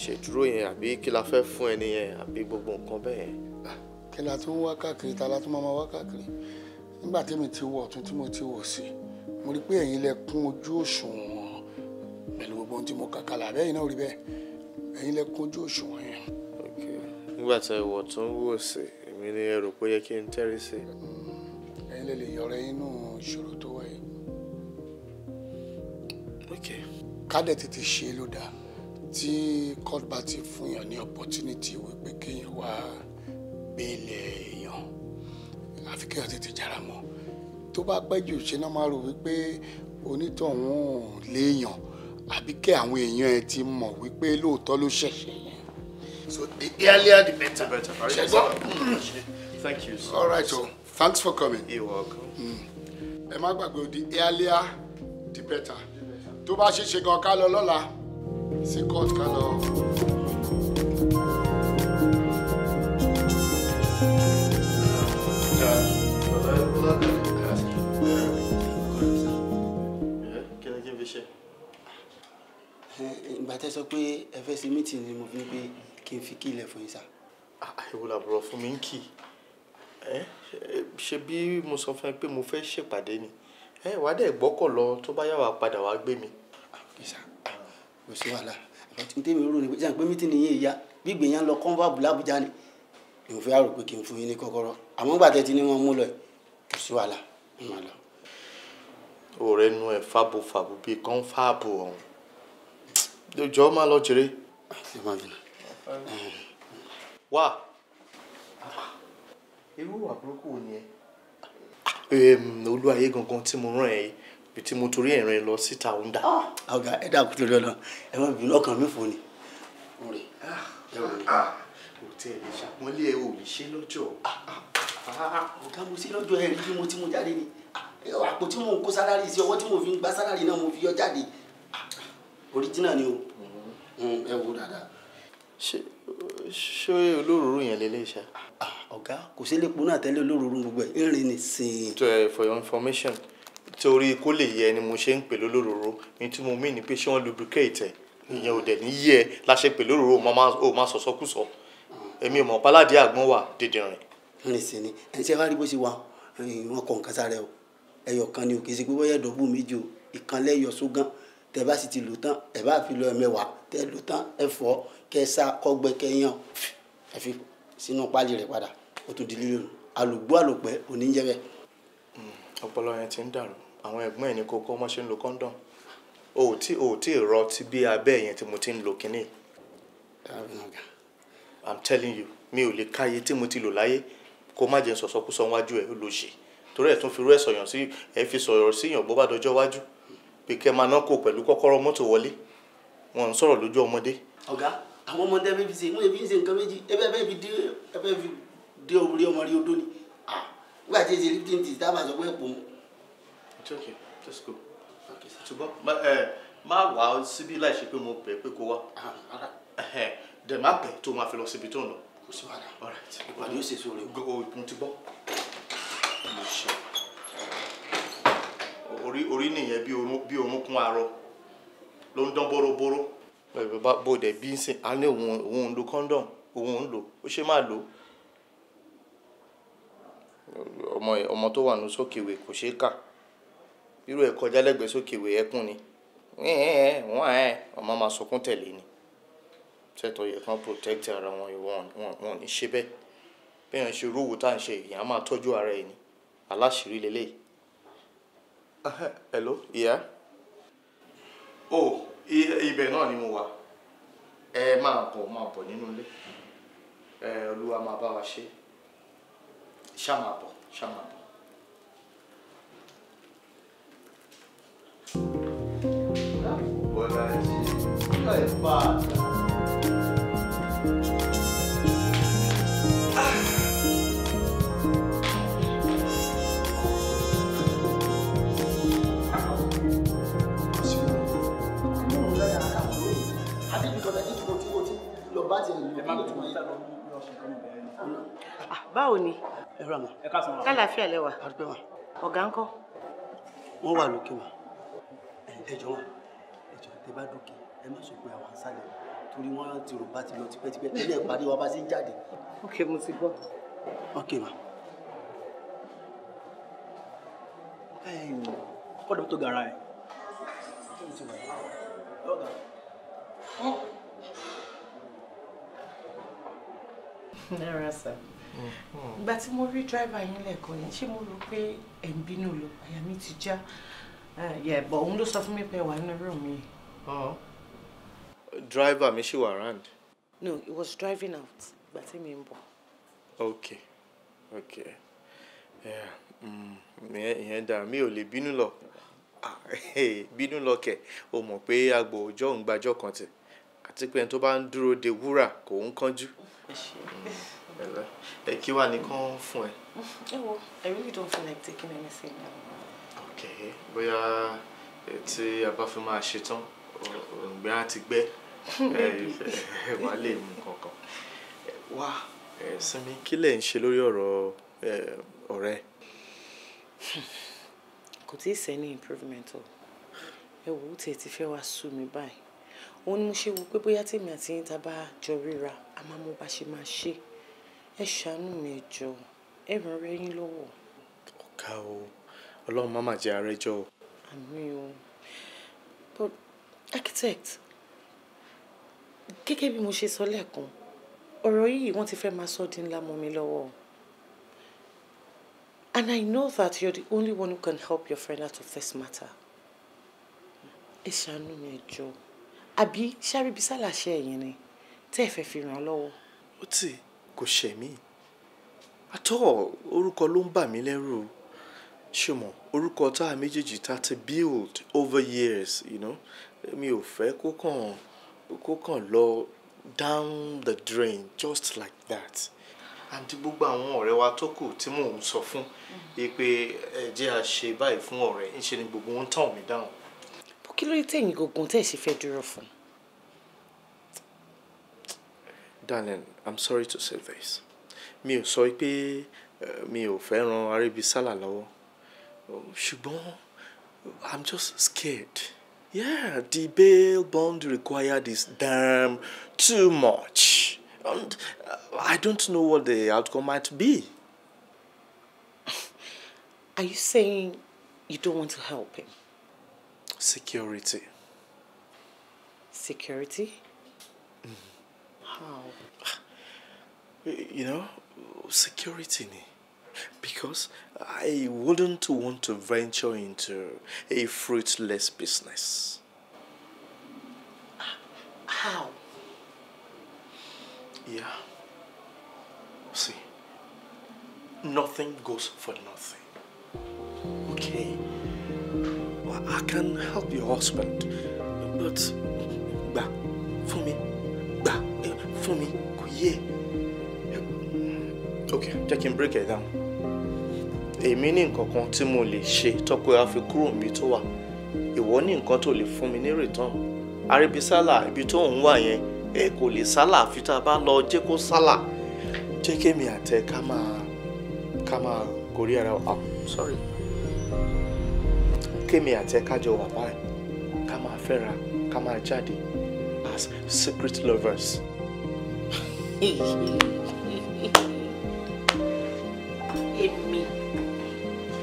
ṣèdúró yẹn àbí kí la fẹ́ fún ẹni yẹn àbí gbogbo nǹkan bẹ́ẹ̀ ah, kí la tún wá káàkiri ta la tún máa wá káàkiri nígbà tí mi ti wọ̀ ọ̀tún tí mo ti wọ̀ sí mo rí i pé ẹ̀yin lẹ kún ojú òṣùwọ̀n ohun tí mo kà kalẹ̀ àbẹ́yìn náà rí bẹ́ẹ̀ ẹ̀yin lẹ kúnjú òṣùwọ̀n yẹn. nígbà tí ìwọ tún wò sí èmi ni ẹ rò pé ó yẹ kí n tẹ́rí sí. Hmm. ẹ̀yin lè lè yọrọ inú ìṣòro tó wáyé. kádẹ̀ tètè ṣe ló dáa tí court bá ti fún yàn ní opportunity wípé kéèyàn wá bẹ́ẹ̀lẹ̀ èèyàn àfi kéèyàn tètè jára mọ́ tó bá pẹ́ jù ṣe náà máa rò wípé onítọ̀hún léèyàn àbí kí àwọn èèyàn ẹ ti mọ̀ wípé lóòótọ́ ló ṣẹ̀ṣẹ̀ yẹn so the earlier the better. the better mm. thank you sir. all right so. thanks for coming. you're welcome. Mm. ẹ má gbàgbé the earlier the better tó bá ṣe ṣe gan ká lọ lọ́la sí court ká lọ. ìgbà tẹ́ sọ pé ẹ fẹ́ ṣe mítìn ni mo fi ní pé kí n fi kí ilẹ̀ fún yín sá. àìwò làbúrò fún mi ń kì í ṣe bí mo sọ fún ẹ pé mo fẹ́ ṣèpàdé ni wàá dẹ̀ gbọ́kọ̀ lọ tó bá yà wá padà wá gbé mi. Ah, kò sí wàhálà àbátí tèmi rò ní pé jẹ́ mítìn yìí yá bí gbìyànjú lọ kọ́ńbà bùlábùjá ni mo fẹ́ rò pé kí n fún yín ní kọ́kọ́rọ́ àmọ́ gbà tẹ́tí ni wọ́n mú lọ kò sí wàhálà ọ̀rẹ́ nu ẹ̀ fàbùfàbù bíi kọ́ńfàbù ọ̀hún jọ̀ọ́ máa lọ jèrè. wá. irú wà burúkú wo ni ẹ. olú ayé gangan tí mo rán ẹ ibi tí mo torí ẹ̀rín lọ síta ń dà. Ah! ọ̀gá ẹ dà kúrò lọ́nà ẹ má bínú ọkàn mi fò ni. Ah! òtẹ́ ah! ẹ̀ ṣàpọ́nlé ẹ ò ní ṣe lọ́jọ́. ọ̀gá mo ṣe lọ́jọ́ ẹ̀ rí bí mo ti mú jáde ni àpò tí mo kó sálárì sí ọwọ́ tí mo fi ń gba sálárì náà mo fi yọ jáde original ni o mm-hmm. mm, ẹ wo dada. ṣé olóròrò yẹn lè lè ṣá. Ah, ọ̀gá kò sí lépo náà tẹ́lẹ̀ olóròrò gbogbo ẹ̀ ń rìn ní sìn. Eh, for your information torí kó lè yẹ ni mo ṣe ń pè lólóròrò ní tí mo mí ni pé ṣé wọ́n lubricate ẹ̀ ìyẹn ò dẹ̀ ní yí mm. ẹ láṣẹ pè lóròrò ò máa sọ̀sọ́kùsọ èmi mọ̀ páládé àgbọn wà dídìrín. rìn sí ni ẹ ṣe wá rí bó ṣe wà wọn kọ nǹkan sára ẹ ẹyọ kan ni ò ṣe pé wọ́n yẹ méjì o ìkànlẹ̀ yọ sógán tẹ bá sì ti lò tán ẹ bá fi lọ ẹ̀mẹwàá tẹ lò tán ẹ fọ kẹ sá kọgbẹ kẹ yàn ẹ fi sínú páálí rẹ padà ó tún di lílo alùgbó àlùpẹ oníjẹ bẹ. Hmm, ọpọlọ yẹn ti ń dàrú àwọn ẹ̀gbọ́n ẹ ní kókó ọmọ ṣe ń lo kọńdọm o ò tí o ò tí ì rọ ti bí abẹ yẹn tí mo ti ń lo kínní. i'm telling you mi ò lè káyé tí mo ti lò láyé kó má jẹ́ sọ̀sọ́kú wájú ẹ̀ ló ṣe torí ẹ̀ tún fi rú ẹ̀ sọ̀yàn sí ẹ̀ fi sọ̀rọ̀ síyàn bó wájú pé kẹ́ máa ná kó pẹ̀lú kọ́kọ́rọ́ mọ́tò wọlé wọn ń sọ̀rọ̀ lójú ọmọdé. ọ̀gá àwọn ọmọdé ẹbí fi ṣe mú ẹbí ń ṣe nǹkan méjì ẹbí ẹbí fi dé ẹbí fi dé orí ọmọ rí odó ni nígbà tí èsì lifting ti dábàá sọ pé pòun. it's okay just go ṣùgbọ́n má wà á síbí láì ṣe pé mo bẹ̀ pé kó wá dẹ̀ má bẹ̀ tó máa fi lọ síbi tó ń lọ. kò sí wàhálà ọ̀rẹ́ tí wàá ní ṣe sóore. o ti gbọ́ orí orí nìyẹn bí orúnkún arọ ló ń dán bóróbóró. bàbá bòdè bí ń sìn á ní òun òun ń lo kọ́ńdọ̀m òun ń lò ó ṣe máa lò ó. ọmọ ọmọ tó wà ní sókèwé kò ṣeé kà irú ẹ̀ kọjá lẹ́gbẹ̀ẹ́ sókèwé ẹkún ni wọ́n ẹ̀ ọmọ máa sọkún tẹ̀lé ni tẹ́tọ̀ yẹ kán protect ara wọn wọn ní ṣe bẹ́ẹ̀ bẹ́ẹ̀ ṣe rówó tá à ń ṣe èèyàn á máa tọ́jú ara ẹ̀ ni aláṣìírí lélẹ́yìí. Uh, hello, yeah. Oh, e náà ni mo wà. Ẹ máa bọ̀ máa bọ̀ nínú ilé. Ẹ olúwa máa bá wa ṣe. Ṣá máa bọ̀, ṣá máa bọ̀. Bọ́lá ẹ̀ ṣe. pa bá tiẹ̀ lò kí ló tún wáyé. Ah, báwo ni. ẹ rà mọ. ẹ ká sọ wọn. lálàáfíà lẹwà. àdúgbò wa. ọ̀gá ńkọ́. wọ́n wà lókè wa ẹ jọ wa ẹ jọ tẹ bá dókè ẹ má sọ pé àwọn àṣàlẹ̀ torí wọ́n ti rò bá ti lọ tipẹ́tipẹ́ ilé ìpàdé wa bá ti ń jáde. ok mo ti gbọ́. ok ma. kọ́dọ̀ tó gara ẹ̀. ọ̀gá. Hm? náírà sà mm-hmm. ìgbà tí mo rí dráìvà yín lẹ́ẹ̀kan yẹn ṣé mo rò pé ẹ̀ ń bínú lọ àyà mi ti já eh, yẹ̀bọ̀ òun ló sọ fún mi pé wà nínú rúùmù yìí. Uh-huh. dráìvà mi ṣì wà around. no he was driving out ìgbà tí mi ń bọ̀. ok ok mm, ìyẹn dára mi ò lè bínú lọ ah, bínú lọ kẹ o mọ̀ pé agbo òjò ń gbàjọ́ kan tẹ̀ àti pé ẹni tó bá ń dúró de wúrà kò ń kánjú ẹ kí wàá ní kán fún ẹ. ẹ I really don't feel like taking anything now. Okay, bóyá tí a bá fi máa ṣe tán òǹgbẹ́ á ti gbẹ́ wàá lè mú kankan wá sinmi kí lẹ̀ ń ṣe lórí ọ̀rọ̀ ọ̀rẹ́. kò tí ì sẹ́ni improvement o ẹ wò ó tiẹ̀ ti fẹ́ wá sú mi báyìí òun ni mo ṣe wò pé bóyá tèmi àti yín ta jọ ríra a máa mọ bá ṣe máa ṣe ẹ ṣàánú mi ẹ jọ̀ọ́ ẹ ràn rẹ yín lọ́wọ́. ọ̀gá o ọlọ́run má má jẹ́ arẹ́jọ́ o. àmì o but architect gẹ́gẹ́ bí mo ṣe sọ lẹ́ẹ̀kan ọ̀rọ̀ yìí wọ́n ti fẹ́ máa sọ di ńlá mọ́ mi lọ́wọ́ and I know that you're the only one who can help your friend out of this matter. ẹ ṣàánú mi ẹ jọ̀ọ́ àbí ṣàríbísà làṣẹ ẹ̀yìn ni tẹ́ ẹ fẹ́ fi ràn án lọ́wọ́. ó tì kò ṣẹ̀ mí àtọ́ orúkọ ló ń bà mí lẹ́rù ṣùgbọ́n orúkọ tá a méjèèjì tá a ti build over years you know mi ò fẹ́ kó kàn kó kàn lọ down the drain just like that àǹtí gbogbo àwọn ọ̀rẹ́ wa tó kù tí mò ń sọ fún yìí mm. pé ẹ jẹ́ a ṣe báyìí fún ọ̀rẹ́ ńṣe ni gbogbo wọn tàn mí dáhùn kí ló tẹ̀yìn gògùn tẹ̀ ṣe fẹ́ dúró fún. darling i'm sorry to say this mi ò sọ pé eh, mi ò fẹ́ ran arébi sálà lọ́wọ́ ṣùgbọ́n i'm just scared. Yeah, the bail bond required is damn too much. And uh, I don't know what the outcome might be. Are you saying you don't want to help him? Security. Security? Mm. How? [sighs] You know, security. Because I wouldn't want to venture into a fruitless business. Ah, how? Yeah. See, nothing goes for nothing. Okay? I can help your husband but gbà for me, gbà for me, kuye. Okay, check jẹ́ break it down èmi ní nǹkan kan tí mo lè ṣe tọ́pẹ́ wá fi kuro mi tó wà ìwọ ní nǹkan tó lè fún mi ní return sala ibi tó ń wà yẹn ẹ kò lè sálà fi tá a bá lọ jẹ́ kó sálà jẹ́ kémi àtẹ ká máa ká máa gorí ara wa oh, sorry kémi àti ẹ kájọ wà báyìí ká máa fẹ́ra ká máa jáde as secret lovers. èmi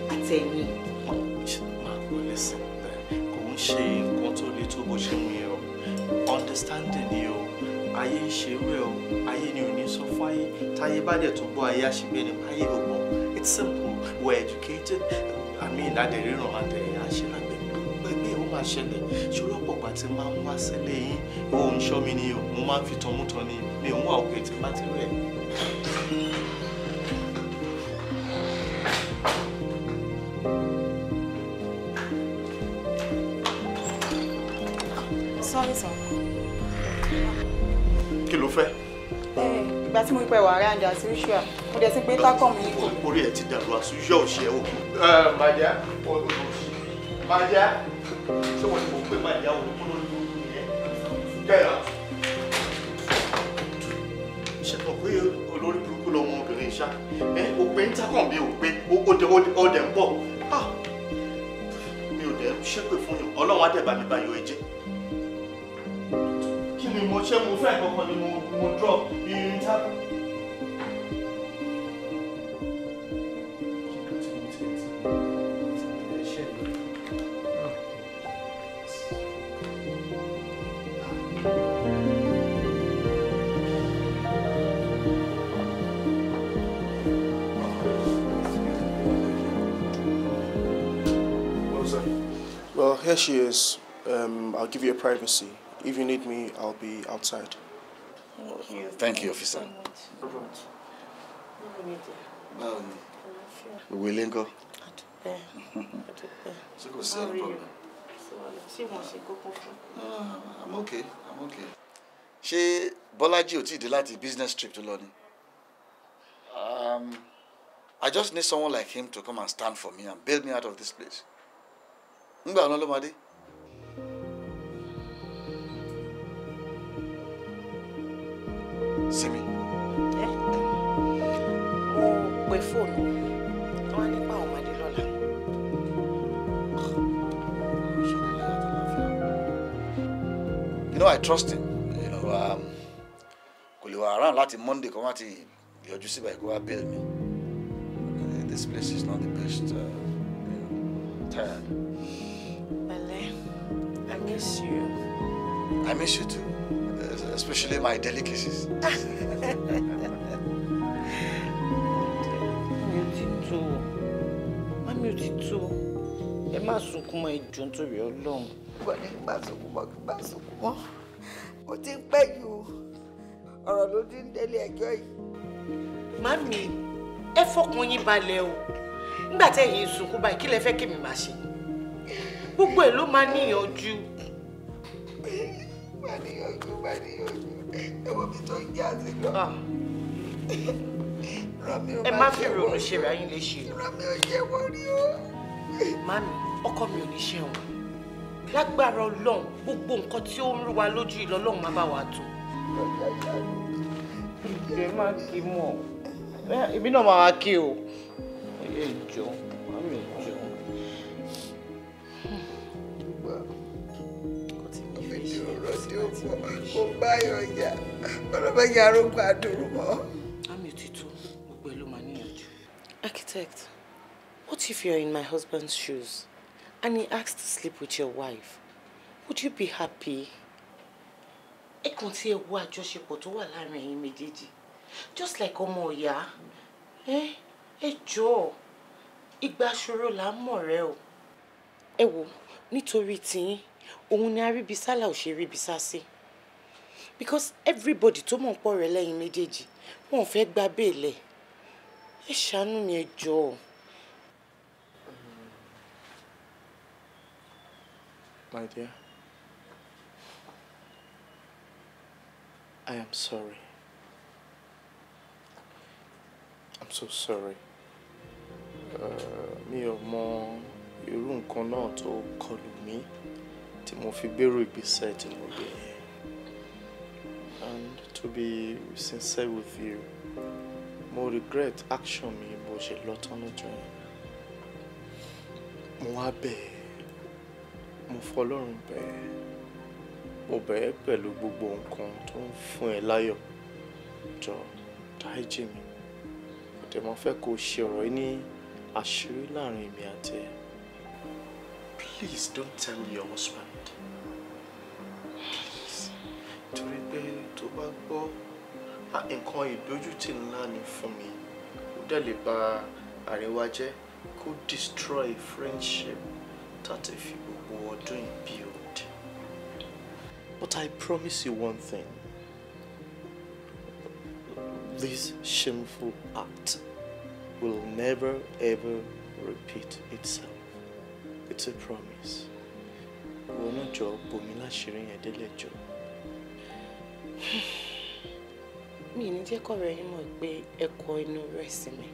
àtẹ̀yìn. máa gbọ́ lẹ́sìn kò ń ṣe nǹkan tó le tó bó ṣe ń yẹ ọ understanding ni o ayé ń ṣe wẹ́ o ayé ni ò ní sọ fún ayé táyé bá dẹ̀ tó gbọ́ ayé àṣìbẹ́ ni ayé ò gbọ́ it's simple we're educated I mean adẹ̀ríran adẹ̀ríran ṣe lágbẹ́ gbẹ́gbẹ́ ó máa ṣẹlẹ̀ ṣòro ọ̀pọ̀gbà tí máa ń wá sílé yín ó ṣọ́ mi ni mo máa ń fi tọmútọ ni mi ò ń wà òkè tí bá ti rẹ̀. Sorry, sir. Kí ló fẹ́? Eh, ìgbà tí mo pẹ́ wà rẹ̀ àjà sí Ṣúà, mo dẹ̀ sí pé tákọ̀ mi kò. Orí ẹ̀ ti dàrú àṣùṣọ́ òṣìṣẹ́ òkú. Màjá, o ò máa yá ṣé wọ́n ti mọ̀ pé máa yá òun kó lórí lórí yẹn kẹ́ra. ṣètò pé olórí burúkú lọmọbìnrin ṣá ẹ o pé ń takàn bí o pé o dẹ o dẹ ń bọ̀ mi ò dẹ ṣépè fún yàn ọlọ́run á mo ṣe mo fẹ́ ni mo drop irun tábìlì. Here she is. Um, I'll give you a privacy. If you need me, I'll be outside. Thank you. Thank, Thank you, officer. So willing uh, go. Ah, I'm okay. I'm okay. She Bọ́lájí oti tíì láti business trip tó London. Um, I just need someone like him to come and stand for me and bail me out of this place. ńgbà ọ̀nà ló sinmi. ẹ mo pe fóònù wọn nípa ọmọdé lọ́la. you know i trust him you know um, kò lè wà around láti monday kó má ti yọjú síbẹ̀ kó wá bail me uh, this place is not the best uh, you know, tired miss you. I miss you too, especially my delicacies. [laughs] Mi ò ti tó o, mami ò ti tó o, ẹ má sunkún mọ́ ìjọ nítorí Ọlọ́run. Wọ́n ní bá sunkún mọ́ kí bá sunkún mọ́. Ó ti ń pẹ́ jù ọ̀rọ̀ ló dín délé bá ní yọjú bá ní yọjú ẹ wo mi tó ń já sí lọ. Ah. ẹ má fi ronú ṣe rà yín lè ṣe. rọmi ò yẹ wọ rí o. mami ọkọ mi ò ní ṣe wọn lágbára Ọlọ́run gbogbo nǹkan tí ó ń rú wa lójú ìlọlọrun má bá wa tó. ìjẹ́ má kí mọ̀ èmi náà máa wá kí o. ẹ jọ̀ọ́. ìṣòro tí ó pọ̀ kó báyọ̀ yá ọlọ́pàá yà arógbó àdúró mọ́. àmì òtítọ́ gbogbo ẹ ló máa níyànjú. architect what if you are in my husband's shoes and he asks to sleep with your wife would you be happy? ẹ kàn tí ẹ wo àjọṣepọ̀ tó wà láàrin ẹ̀yin méjèèjì just like ọmọ ọ̀yá ẹ jọ̀ọ́ ìgbà ṣòro là ń mọ̀ rẹ o. ẹ wo nítorí tiyín òun ni arìbísálà ò ṣe ríbísá sí because everybody tó mọ̀ pọ̀ rẹ̀ lẹ́yìn méjèèjì wọn ò fẹ́ gba béèlẹ̀ ẹ ṣàánú mi ẹ jọ ọ. My dear, I am sorry. I'm so sorry. Uh, mi ò mọ irú nǹkan náà tó kọlù mí tí mo fi gbèrò ìgbésẹ̀ tí mo gbé yẹn and to be sincere with you mo regret action mi bó ṣe lọ tán lọ́jọ́ yẹn mo wá bẹ̀ẹ́ mo fọlọ́run bẹ̀ẹ́ mo bẹ̀ẹ́ pẹ̀lú gbogbo nǹkan tó ń fún ẹ láyọ̀ jọ dáríjì mi kò dẹ̀ mọ́ fẹ́ kó ṣe ọ̀rọ̀ yìí ní àṣírí láàrin èmi àti ẹ please don't tell your husband. Ah, nǹkan ìdójútì ńlá ni fún mi ó dẹ̀ lè ba àríwá jẹ́ kó destroy friendship tàti fi gbogbo ọdún yìí build but I promise you one thing this shameful act will never ever repeat itself it's a promise wọn náà jọ bomi láṣìírí yẹn mi ní jẹ́ kọ̀rẹ́ yín mọ̀ pé ẹ kọ inú rẹ̀ sí mi.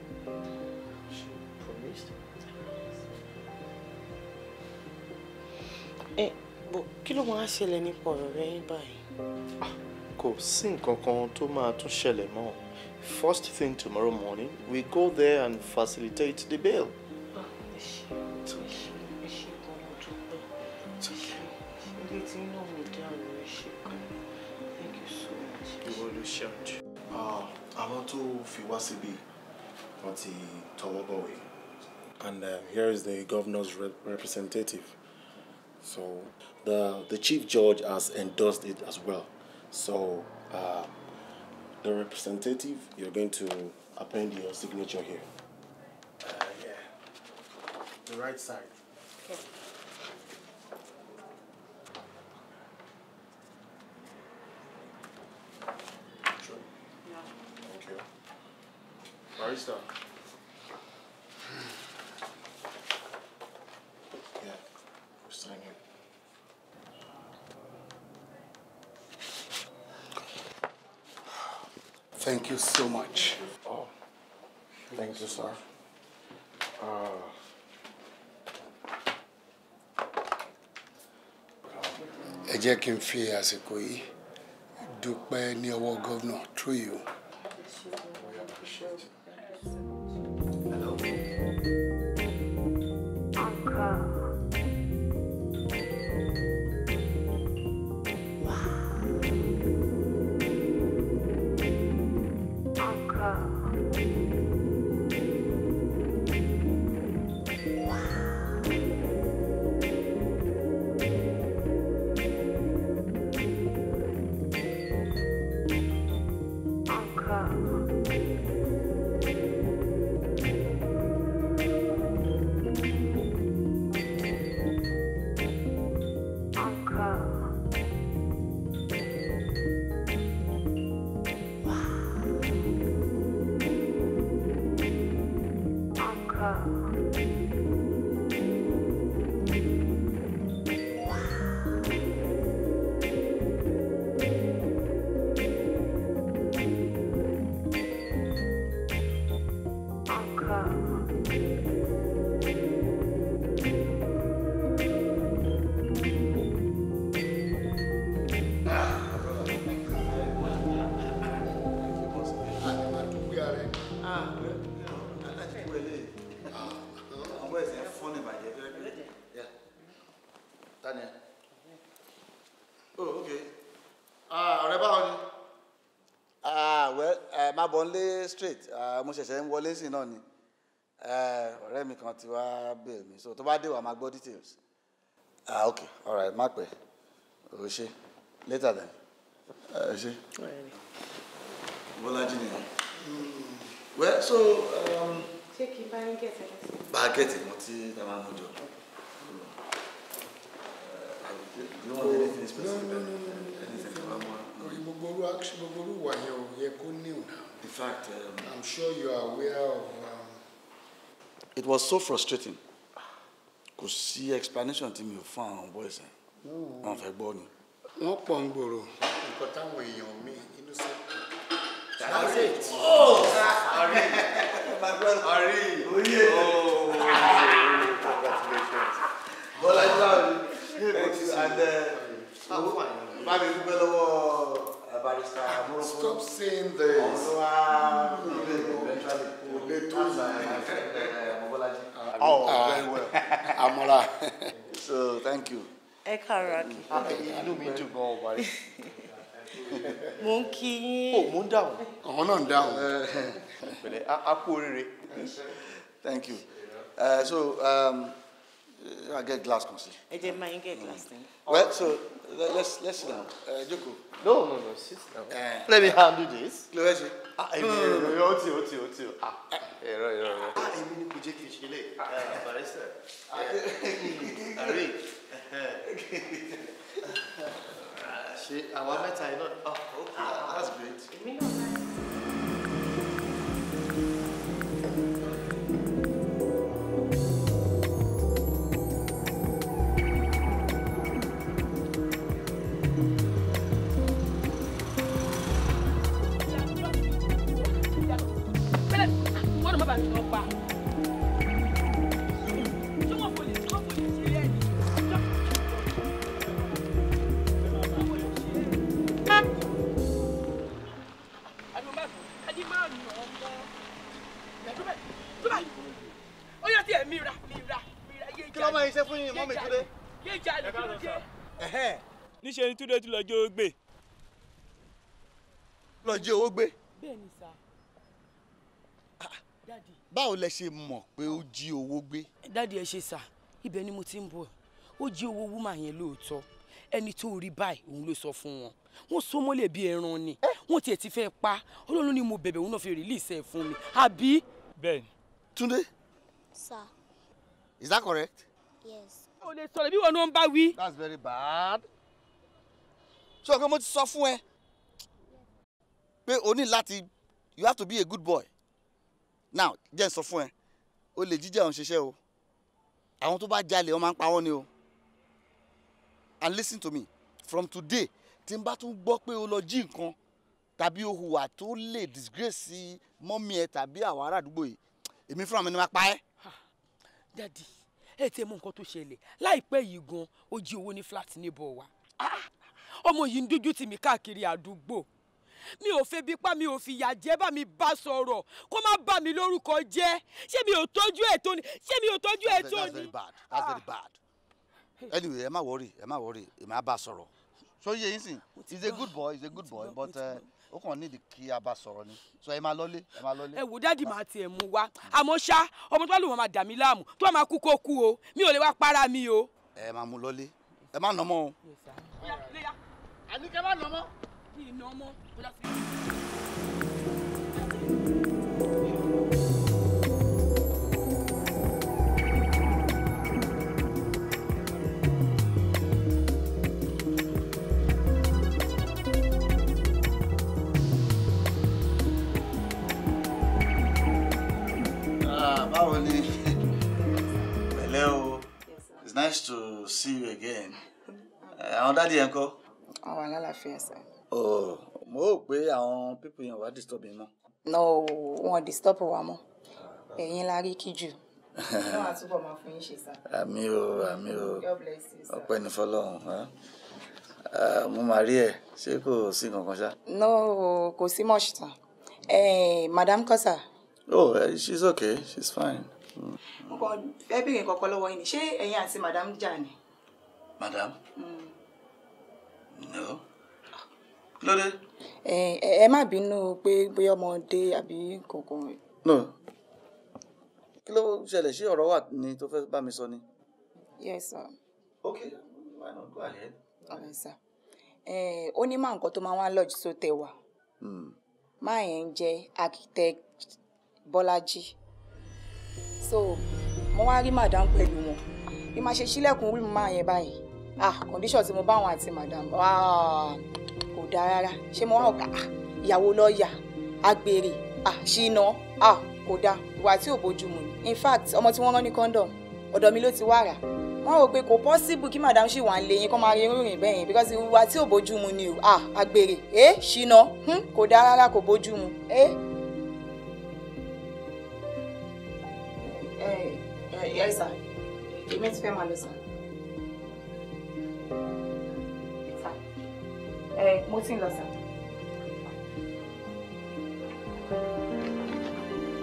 ẹ bò kí ló máa ṣẹlẹ̀ nípa ọ̀rọ̀ rẹ yín báyìí. Ah, kò sí nǹkan kan tó máa tún ṣẹlẹ̀ mọ́ first thing tomorrow morning we go there and facilitate the bail. fi wá síbí wọ́n ti tọwọ́ bọ̀wé. And um, here is the governor's rep representative. So the the chief judge has endorsed it as well. So uh, the representative, you're going to append your signature here. Uh, yeah, the right side. Yeah, here. Thank you so much. Oh, thank you, sir. Uh, ẹ fi àsìkò dúpẹ́ ní ọwọ́ gọ́vnà through you. straight mo ṣẹ̀ṣẹ̀ ń wọlé sí náà ni ọ̀rẹ́ mi kan ti wá bẹ̀ mí so tó bá dé wàá máa gbọ́ details ah ok all right má pẹ́ o ṣe later then ẹ ṣe. bọ́lájí ni well so. ṣé kí n bá yín gẹ̀ẹ́sì lẹ́sìn. bá mo ti ta máa mú jọ. No, no, no, no, no, no, no, no, no, no, no, no, no, fact, um, I'm sure you are aware of. Um, it was so frustrating. Kò sí explanation tí mi found fún àwọn boys ẹ̀. Wọ́n fẹ́ gbọ́ ni. Wọ́n pọ̀ ń gbòòrò. Nǹkan táwọn èèyàn That's it. Oh! Ari! My brother. Ari! Oye! Oh! Congratulations. Bọ́lá you, And, uh, bá mi dúpẹ́ lọ́wọ́. Stop saying this. Ah, eh, ah, oh, very well. Ah, Amola. so, thank you. Ẹ you know me mi dùn buddy. Monkey. Oh, moon down. Oh, no, down. mú Thank you. Uh, so, um, uh, I get glass, I Eje, not mind get glass thing. Well, oh. so let, us let's sit down. Uh, Joko. No, no, no, sit down. Uh, let me handle this. Close it. Ah, no, no, no, no, oti, oti, oti. Ah, eh, right, right, right. Ah, èmi ni kuje kejile. Ah, barista. Ah, Ari. Ṣé àwa mẹ́ta yìí náà? Oh, okay. Ah, that's great. Èmi náà. mira mira mira yé jalè kí ló máa ṣe fún yín mọ́mí túndé. yé jalè kí ló dé. níṣẹ́ ni túndé ti lọ jẹ́ owó gbé. lọ jẹ́ owó gbé. bẹ́ẹ̀ni sá. báwo lẹ ṣe mọ̀ pé ó jí owó gbé. dáàdi ẹ ṣe sá ibẹ̀ ni mo ti ń bọ̀ ó jí owó wúmà yẹn lóòótọ́ ẹni tó rí báyìí òun ló sọ fún wọn wọn so mọ́lẹ̀ bíi ẹran ni wọn tiẹ̀ ti fẹ́ pa Ọlọ́run ni mo bẹ̀bẹ̀ òun náà fi rìlíìsì ẹ̀ fún mi àbí. bẹ́ẹ̀ni. Túndé. sá is that correct. yes. o lè sọ̀rọ̀ bí wọn ló ń bá wí. that's very bad. ṣé o pé mo ti sọ fún ẹ pé o ní láti you have to be a good boy now jẹ́ n sọ fún ẹ o lè jíjẹ́ òun ṣiṣẹ́ o àwọn tó bá jalè wọ́n máa ń pa wọ́n ni o and listen to me from today tí n bá tún gbọ́ pé o lọ jí nǹkan tàbí o hùwà tó lè disgrace mọ́mí ẹ tàbí àwọn ará àdúgbò yìí èmi fúnra mi ni máa pa ẹ́ dadi ẹ tẹ mọ nǹkan tó ṣẹlẹ̀ láìpẹ́ yìí gan ó owó ní flat níbọ̀ wa ah, ọmọ yìí ń dójú tì mí káàkiri àdúgbò mi ò fẹ́ bí pa mi ò fìyà jẹ bá mi bá sọ̀rọ̀ kó má bà mí lórúkọ jẹ́ ṣé mi ò tọ́jú ẹ̀ tó ni ṣé mi ò tọ́jú ẹ̀ tó ni. that's very bad that's very ah. bad anyway ẹ má worry ẹ má worry ẹ má bá sọ̀rọ̀ so yẹ yín sìn he's a good boy he's a good boy but. Uh, ó kàn nídìí kí a bá sọ̀rọ̀ ni so ẹ máa lọ́lé ẹ máa lọ́lé. ẹ wò dáàdì máa tiẹ̀ mú wa àmọ́ ṣá ọmọ tó bá lò wọ́n máa dà mí láàmú tó máa kú kó kú o mi ò lè wá para mi o. ẹ máa mú lọ́lé ẹ má nà ọmọ o. àníkẹ́ má nà ọmọ. báwo ni pẹ̀lẹ́ o it's nice to see you again àwọn dáàdi ẹ̀ Oh, kọ́. àwọn alálàáfíà sir. oh mo rò pé àwọn pípọ̀ yẹn disturb yín no wọn disturb wa mọ́ ẹ̀yin la rí kí jù. náà àtúbọ̀ máa fún yín ṣe sá. àmì o àmì o ọpẹ́ ní fọlọ́run mo máa rí ẹ ṣé kò sí nǹkan kan ṣá. no kò sí mọ̀ṣítàn eh, madam kọ́sà oh uh, she's okay she's fine. nǹkan ẹ bèrè nǹkan kan lọ́wọ́ yín ni ṣé ẹ̀yin àti madam jà ni. madam. Mm. no kí ló dé. ẹ má bínú pé bóyá ọmọdé àbí kankan. no kí ló ṣẹlẹ̀ ṣé ọ̀rọ̀ wà ní tó fẹ́ bá mi sọ ni. yes sir. okay why not go ahead. ọ̀rẹ́ sà ó ní máa nǹkan tó máa wá lọ́ọ̀jì sótẹ̀ wà hmm. máa yẹn ń jẹ́ architect Bọ́lájí so mo wá rí madam pẹ̀lú wọn bí máa ṣe ṣílẹ̀kùn wí máa yẹn báyìí ah condition tí mo bá wọn àti madam ah, kò dáa rárá ṣé mo wá ọ̀gá ah, ìyàwó lọ́ọ̀yà agbèrè ah ṣìnà ah kò dáa ìwà tí ò bójúmu ni in fact ọmọ tí wọ́n rán ní condom ọ̀dọ̀ mi ló ti wá rà wọ́n rò pé kò possible kí madam ṣì wà ń lé yín kó máa rí rìnrìn bẹ́ẹ̀ because ìwà tí ò bójúmu ni o ah, agbèrè eh, ṣìnà hmm, kò dáa rárá kò bójúmu eh Yes, sir. Èmi ti fẹ́ máa lọ, sir. Sir. Eh, mo ti ń lọ, sir.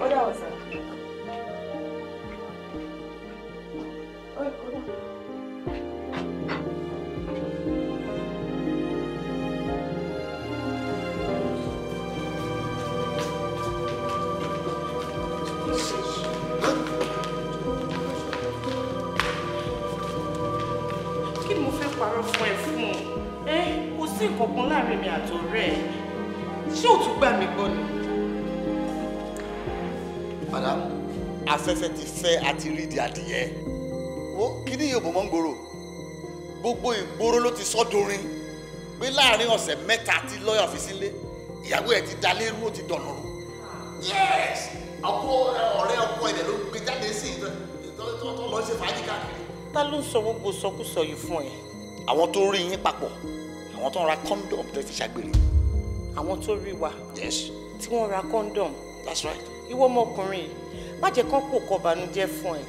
Ó dàbọ̀, sir. nǹkan láàrin mi àtọ̀rẹ́ ẹ̀ ṣé ò tún gbà mí gbọ́ ni. madam afẹ́fẹ́ ti fẹ́ àti rí di adìyẹ wo kí ni yóò bọ̀ mọ́ ń gbòòrò gbogbo ìgboro ló ti sọ dorin pé láàrin ọ̀sẹ̀ mẹ́ta tí lọ́ọ̀yà fi sílé ìyàwó ẹ̀ ti dalé irú ó ti dọ̀nà rú yes ọkọ ọ̀rẹ́ ọkọ ẹ̀ ló gbé jáde sí ìtọ́lọ́ṣẹ́ fàájì káàkiri. ta ló ń sọ gbogbo sọkúsọ yìí fún ẹ. àwọn tó rí yín papọ̀ àwọn tó ń ra condom tẹ́ ti ṣàgbèrè. àwọn tó rí wa. yes. tí wọ́n ra condom. that's right. ìwọ ọmọkùnrin yìí má jẹ́ kán pò kọ́ bànújẹ́ fún ẹ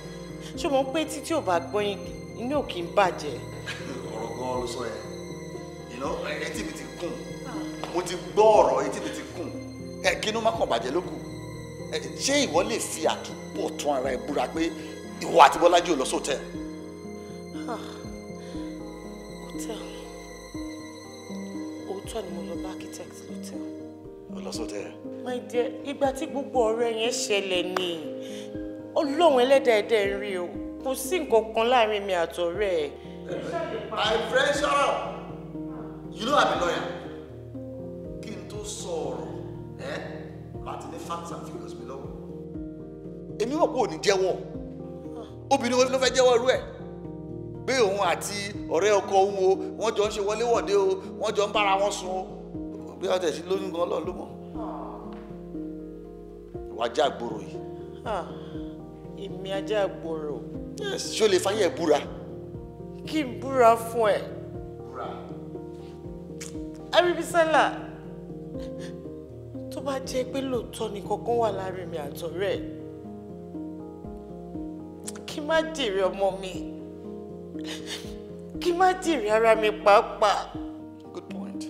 ṣé mo pé títí ò bá gbọ́n inú ò kì í bàjẹ́. [laughs] ọ̀rọ̀ gan-an ló sọ yẹn etí mi ti kùn mo ti gbọ́ ọ̀rọ̀ etí mi ti kùn ẹ kí inú má kàn bàjẹ́ ló kù ṣé ìwọ lè fi àdúgbò tún ara ẹ búra pé ìwọ àti Bọ́lájí ò lọ sóòtẹ́ẹ̀. hòtẹ́ẹ̀lì. Ah, lóòótọ́ ni mo lọ bá architect lọ́tẹ̀. o my dear ìgbà tí gbogbo ọ̀rọ̀ yẹn ṣẹlẹ̀ ni ọlọ́run ẹlẹ́dàá ẹ̀dẹ̀ ń rí o kò sí nǹkan kan láàrin mi àtọ̀rẹ́ ẹ̀. my friend shut you know i'm a lawyer kí n tó sọ ọ̀rọ̀ ẹ́ láti ní facts and figures mi lọ́wọ́. èmi mọ̀ pé ò ní jẹ́wọ́ ah. obìnrin wo ló fẹ́ jẹ́wọ́ irú ẹ̀ bí òun àti ọ̀rẹ́ ọkọ òun o wọ́n jọ ń ṣe wọléwọ̀de o wọ́n jọ ń bára wọn sùn o bí wọ́n tẹ̀sí lóyún gan lọ́ọ́ ló mọ̀ ah. wà á já àgbòrò yìí. Ah, èmi ajá àgbòrò. ṣé o lè fáyé ẹ búra. kí n búra fún ẹ. búra. Arìbísálà tó bá jẹ́ pé lóòótọ́ ni kankan wà láàrin mi àtọ̀rẹ́ ẹ̀ kí n má dèrè ọmọ mi kí má tìrì ara mi pàápàá. good point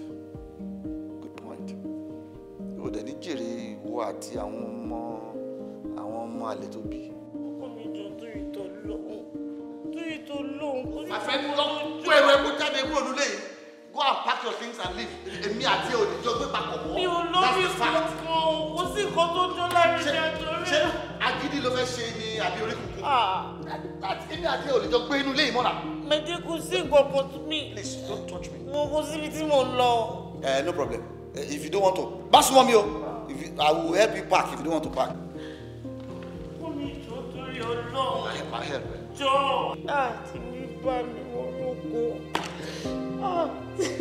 good point ìwọ dẹ̀ ní jèrè ìwọ àti àwọn ọmọ àwọn ọmọ àlè tó bí. ọkọ mi jọ torí tó lóhùn torí tó lóhùn. àfẹ́kù kó ẹrù ẹkú jáde kúrò nílé go and pack your things and leave èmi àti òdìjọ gbé papọ̀ mọ́ mi ò lórí kankan kò sí nǹkan tó jó lẹ́rìí jẹ́ torí. ṣé agídí ló fẹ́ ṣe ni àbí orí kunkun. Ah. èmi àti òdìjọ gbé inú ilé ìmọ̀ra. mẹ́tẹ́ kò sí nǹkan kan tún mi. please don't touch me. mo kò síbi tí mo lọ. Eh, no problem uh, if you don't want to bá súnmọ́ mi o i will help you pack if you don't want to pack. kó mi jọ torí ọlọ́run. máa ẹ máa ẹ rẹ. jọ àti mi bá mi.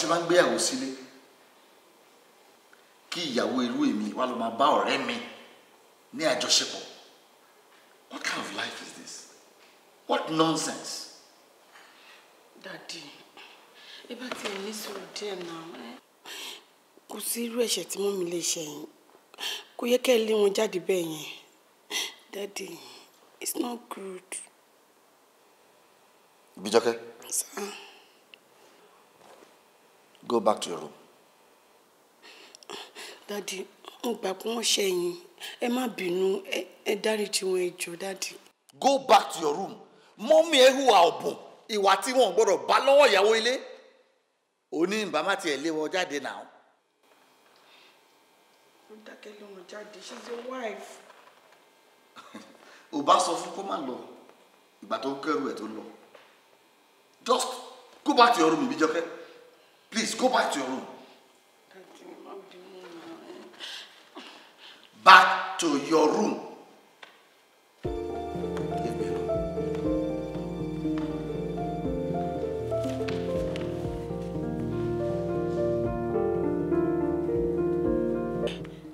ṣe máa ń gbéyàwó sílé kí ìyàwó ìlú èmi wà ló máa bá ọ̀rẹ́ mi ní àjọṣepọ̀ what kind of life is this what nonsense. dadi ẹ bá tiẹ̀ ní sùúrù díẹ̀ náà kò sí irú ẹ̀ṣẹ̀ tí mọ́mi lè ṣe yín kò yẹ kẹ́ ẹ lé wọn jáde bẹ́ẹ̀ yẹn dadi it's not good. Bíjọ́kẹ́. sir. Go back to your room. Daddy, mo gbà pé wọ́n ṣe yín. Ẹ má bínú, ẹ dáríjì wọn ẹ jọ̀ọ́, daddy. Go back to your room. Mọ́mí ẹ hùwà ọ̀bùn ìwà tí wọ́n gbọ́dọ̀ bá lọ́wọ́ ìyàwó ilé. Òní ìbámá tiẹ̀ lé wọn jáde náà. Mo dákẹ́ lé wọn jáde, she's your wife. Oba, [laughs] bá sọ fún kó má lọ ìgbà tó kẹ́rù ẹ̀ tó Just go back to your room, Ìbíjọ́kẹ́. Please go back to your room. Back to your room.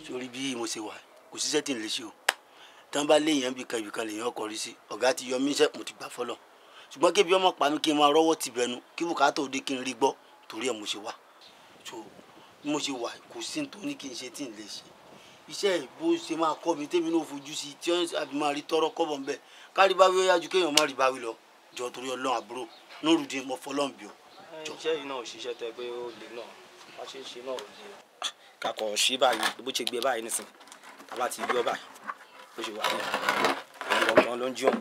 sórí bí mo ṣe wà kò síṣẹ́ tí n lè ṣe o tí wọ́n bá léèyàn bìkan ibìkan lèèyàn kọrí sí ọ̀gá ti yọ mí iṣẹ́ mo ti gbà fọlọ́ ṣùgbọ́n kébi ọmọ pa mí kí n máa rọ́wọ́ tìbẹ̀nu kí bùkátà òde kí n rí gbọ́ torí ẹ mo ṣe wá so bí mo ṣe wà kò sí ní tó ní kí n ṣe tí n lè ṣe iṣẹ́ bó ṣe máa kọ́ mi tèmi náà fojú sí tí wọ́n àbí máa rí tọ́rọ́ kọ́bọ̀ nbẹ kárí báwí ó yájú kéèyàn má rí báwí lọ jọ torí ọlọ́run àbúrò nórùdín mo fọlọ́n bí o. iṣẹ́ yìí náà òṣìṣẹ́ tẹ pé ó lè náà bá ṣe ṣe náà ò lè. kakọ ṣí báyìí bó ṣe gbé báyìí nísìn tàbá ti yọ báyìí bó ṣe wà ní ọgbọ̀n ló ń jí òun.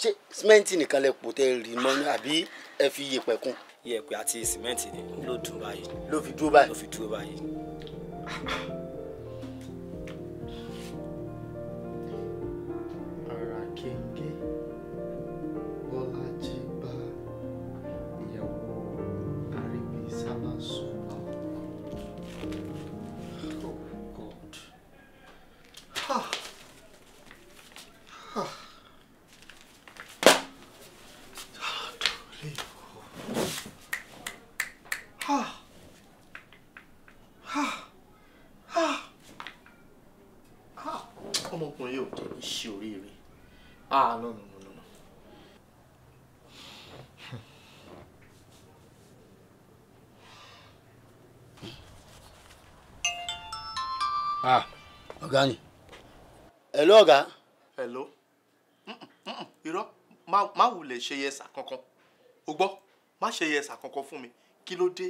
ṣé sìmẹ́ǹtì nìkan lẹ pò tẹ́ rí mọ́ àbí ẹ fi iyẹ̀pẹ̀ kún iyẹ̀pẹ̀ àti sìmẹ́ǹtì ni ló dùn báyìí. ló fi dúró báyìí. ló fi dúró báyìí. ọ̀gá ni. hello ọ̀gá. hello irọ́ má wulẹ̀ ṣe yẹ ẹ̀sà kankan o gbọ́ má ṣe yẹ ẹ̀sà kankan fún mi kí ló dé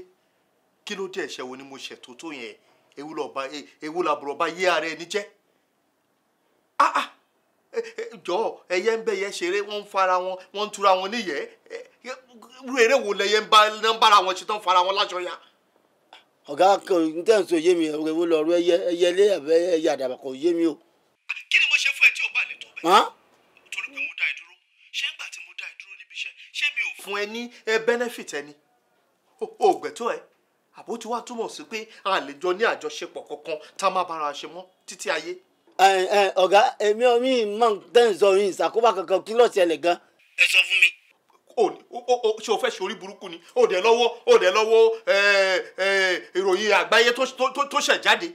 kí ló dé ẹ̀ṣẹ̀ wo ni mo ṣètò tó yẹn ewu làbúrò e, bá yé ara ẹni jẹ́ ah, ah, e, e, jọ ẹyẹ ń bẹ yẹ ṣeré wọn ń fara wọn wọn ń tura wọn níyẹn rú eré wo lẹyẹ ń bára wọn ṣe tán fara wọn lájọyà ọ̀gá kan tẹ̀ ń sọ yé mi ẹ̀rọ lọ rú ẹyẹ ẹyẹ lé àbẹ ẹyẹ àdàbà kò yé mi o. kí ni mo ṣe fún ẹ tí ò bá lè tó bẹ́ẹ̀. torí pé mo dá ẹ dúró ṣé ńgbà tí mo dá ẹ dúró níbi iṣẹ́ ṣé mi ò fún ẹ ní benefit ni? o gbẹ̀tọ́ ẹ àbó tí wàá túmọ̀ sí pé a lè jọ ní àjọṣepọ̀ kankan tá a má bára ṣe mọ́ títí ayé. ọ̀gá èmi ò mí mọ̀ tẹ́ ń ìṣàkóbá kankan kí ló ṣẹlẹ̀ gan. ẹ sọ fún mi ṣé o fẹ́ ṣe orí burúkú ni o dẹ̀ lọ́wọ́ o dẹ̀ lọ́wọ́ ìròyìn àgbáyé tó ṣẹ̀ jáde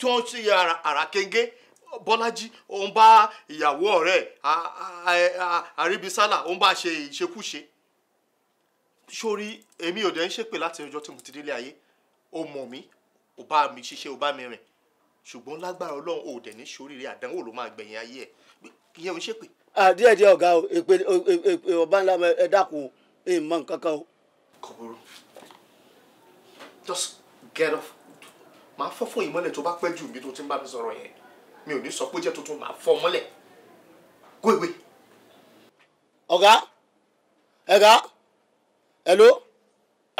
tó ń ṣe àràkéńgé bọ́lájí ó ń bá ìyàwó ọ̀rẹ́ àríbísálà ó ń bá ṣe ìṣekúṣe sórí èmi ò dẹ̀ ń ṣépè láti ọjọ́ tí mo ti délé ayé o mọ̀ mí o bá mi ṣiṣẹ́ o bá mi rìn ṣùgbọ́n lágbára ọlọ́run ò dẹ̀ ní sóríire àdánwò ló máa gbẹ̀yìn ayé ẹ̀ ìyẹn ò ń ṣépè Ah, díẹ̀ díẹ̀ ọ̀gá o èpè e, e, e, ọba ńlá ẹ dákun ẹ mọ nǹkan kan o. kò just get off màá fọ́ fún ìmọ́lẹ̀ tó bá pẹ́ jù mí tó ti ń bá mi sọ̀rọ̀ yẹn mi ò ní sọ pé jẹ́ tuntun màá fọ́ mọ́lẹ̀ go away. ọ̀gá ẹ̀gá hello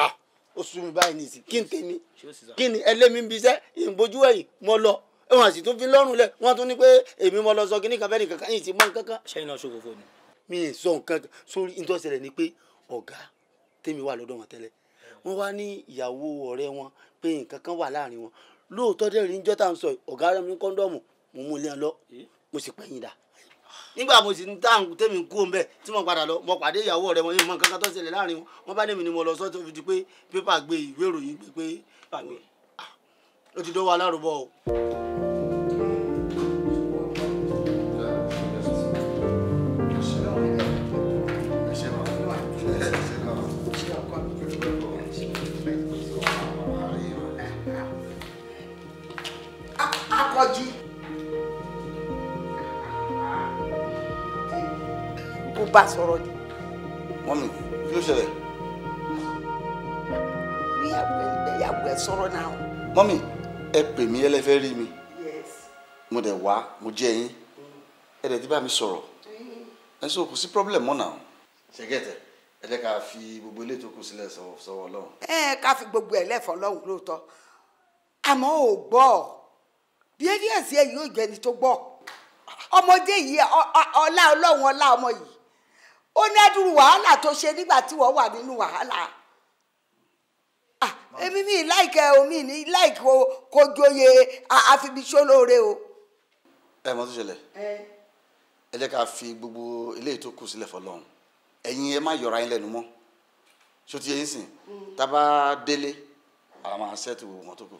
ah oṣù mi báyìí nìyí kí n tèmi kí ni ẹlẹ́mi ń bisẹ́ ìgbójú ẹ̀yìn mo lọ wọn sì tún fi lọ́rùn lẹ̀ wọ́n tún ní pé èmi mo lọ sọ kíní kan fẹ́ẹ́ nìkankan yìí ti mọ́ nǹkan kan. ṣẹ́yìn náà ni. mi ì sọ nǹkan sórí ìtọ́sẹ̀lẹ̀ ni pé ọ̀gá tèmi wà lọ́dọ̀ wọn tẹ́lẹ̀ wọ́n wá ní ìyàwó ọ̀rẹ́ wọn pé nǹkan kan wà láàrin wọn lóòótọ́ dẹ̀ rí níjọ́ tá à ń sọ ọ̀gá rẹ̀ mi kọ́ńdọ̀mù mo mú ilé wọn lọ mo sì pẹ́yìn dà nígbà mo sì ń tá à ń kú òun bẹ́ẹ̀ tí mo padà lọ mo pàdé ìyàwó ọ̀rẹ́ wọn yìí mọ nǹkan kan tó ṣẹlẹ̀ láàrin wọn wọn bá ní mi ni mo lọ sọ́ọ́ tó fi di pé pépà gbé ìwé ìròyìn gbé pé ó ti dọ́wọ́ alárùbọ̀ o. akọjí. kò bá sọ̀rọ̀ ni. mọ́mí kí ló ṣẹlẹ̀. ìyàwó ẹ̀ sọ̀rọ̀ náà. mọ́mí ẹ pè mí ẹlẹ́fẹ́ rí mi mo dẹ̀ wá mo jẹ́ yín ẹ dẹ̀ ti bá mi sọ̀rọ̀ ẹ sọ kò sí problem mọ́ náà ṣẹ́gẹ́tẹ̀ ẹ jẹ́ ká fi gbogbo ilé tó kù sílẹ̀ sọ́wọ́ ọlọ́run. ẹ ká fi gbogbo ẹ lẹ́fọ̀ọ́ lọ́hùn lóòótọ́ àmọ́ ò gbọ́ bí ẹni ẹ̀sìn ẹ yóò jẹ́ni tó gbọ́ ọmọdé yìí ọlá ọlọ́run ọlá ọmọ yìí ó ní adúrú wàhálà tó ṣe nígbà tí wọ́n wà nínú wàhálà èmi mi láìkẹ́ omi ní láìkẹ́ kó àfibisólóore o. ẹ mọ tó ṣẹlẹ̀ ẹ jẹ́ ká fi gbogbo eléyìí tó kù sílẹ̀ fọ́lọ́run ẹ̀yin ẹ má yọra yín lẹ́nu mọ́ ṣó ti yẹn sìn mm. tábà délé àwọn máa ṣẹ́ẹ̀tì gbogbo wọn tó kù.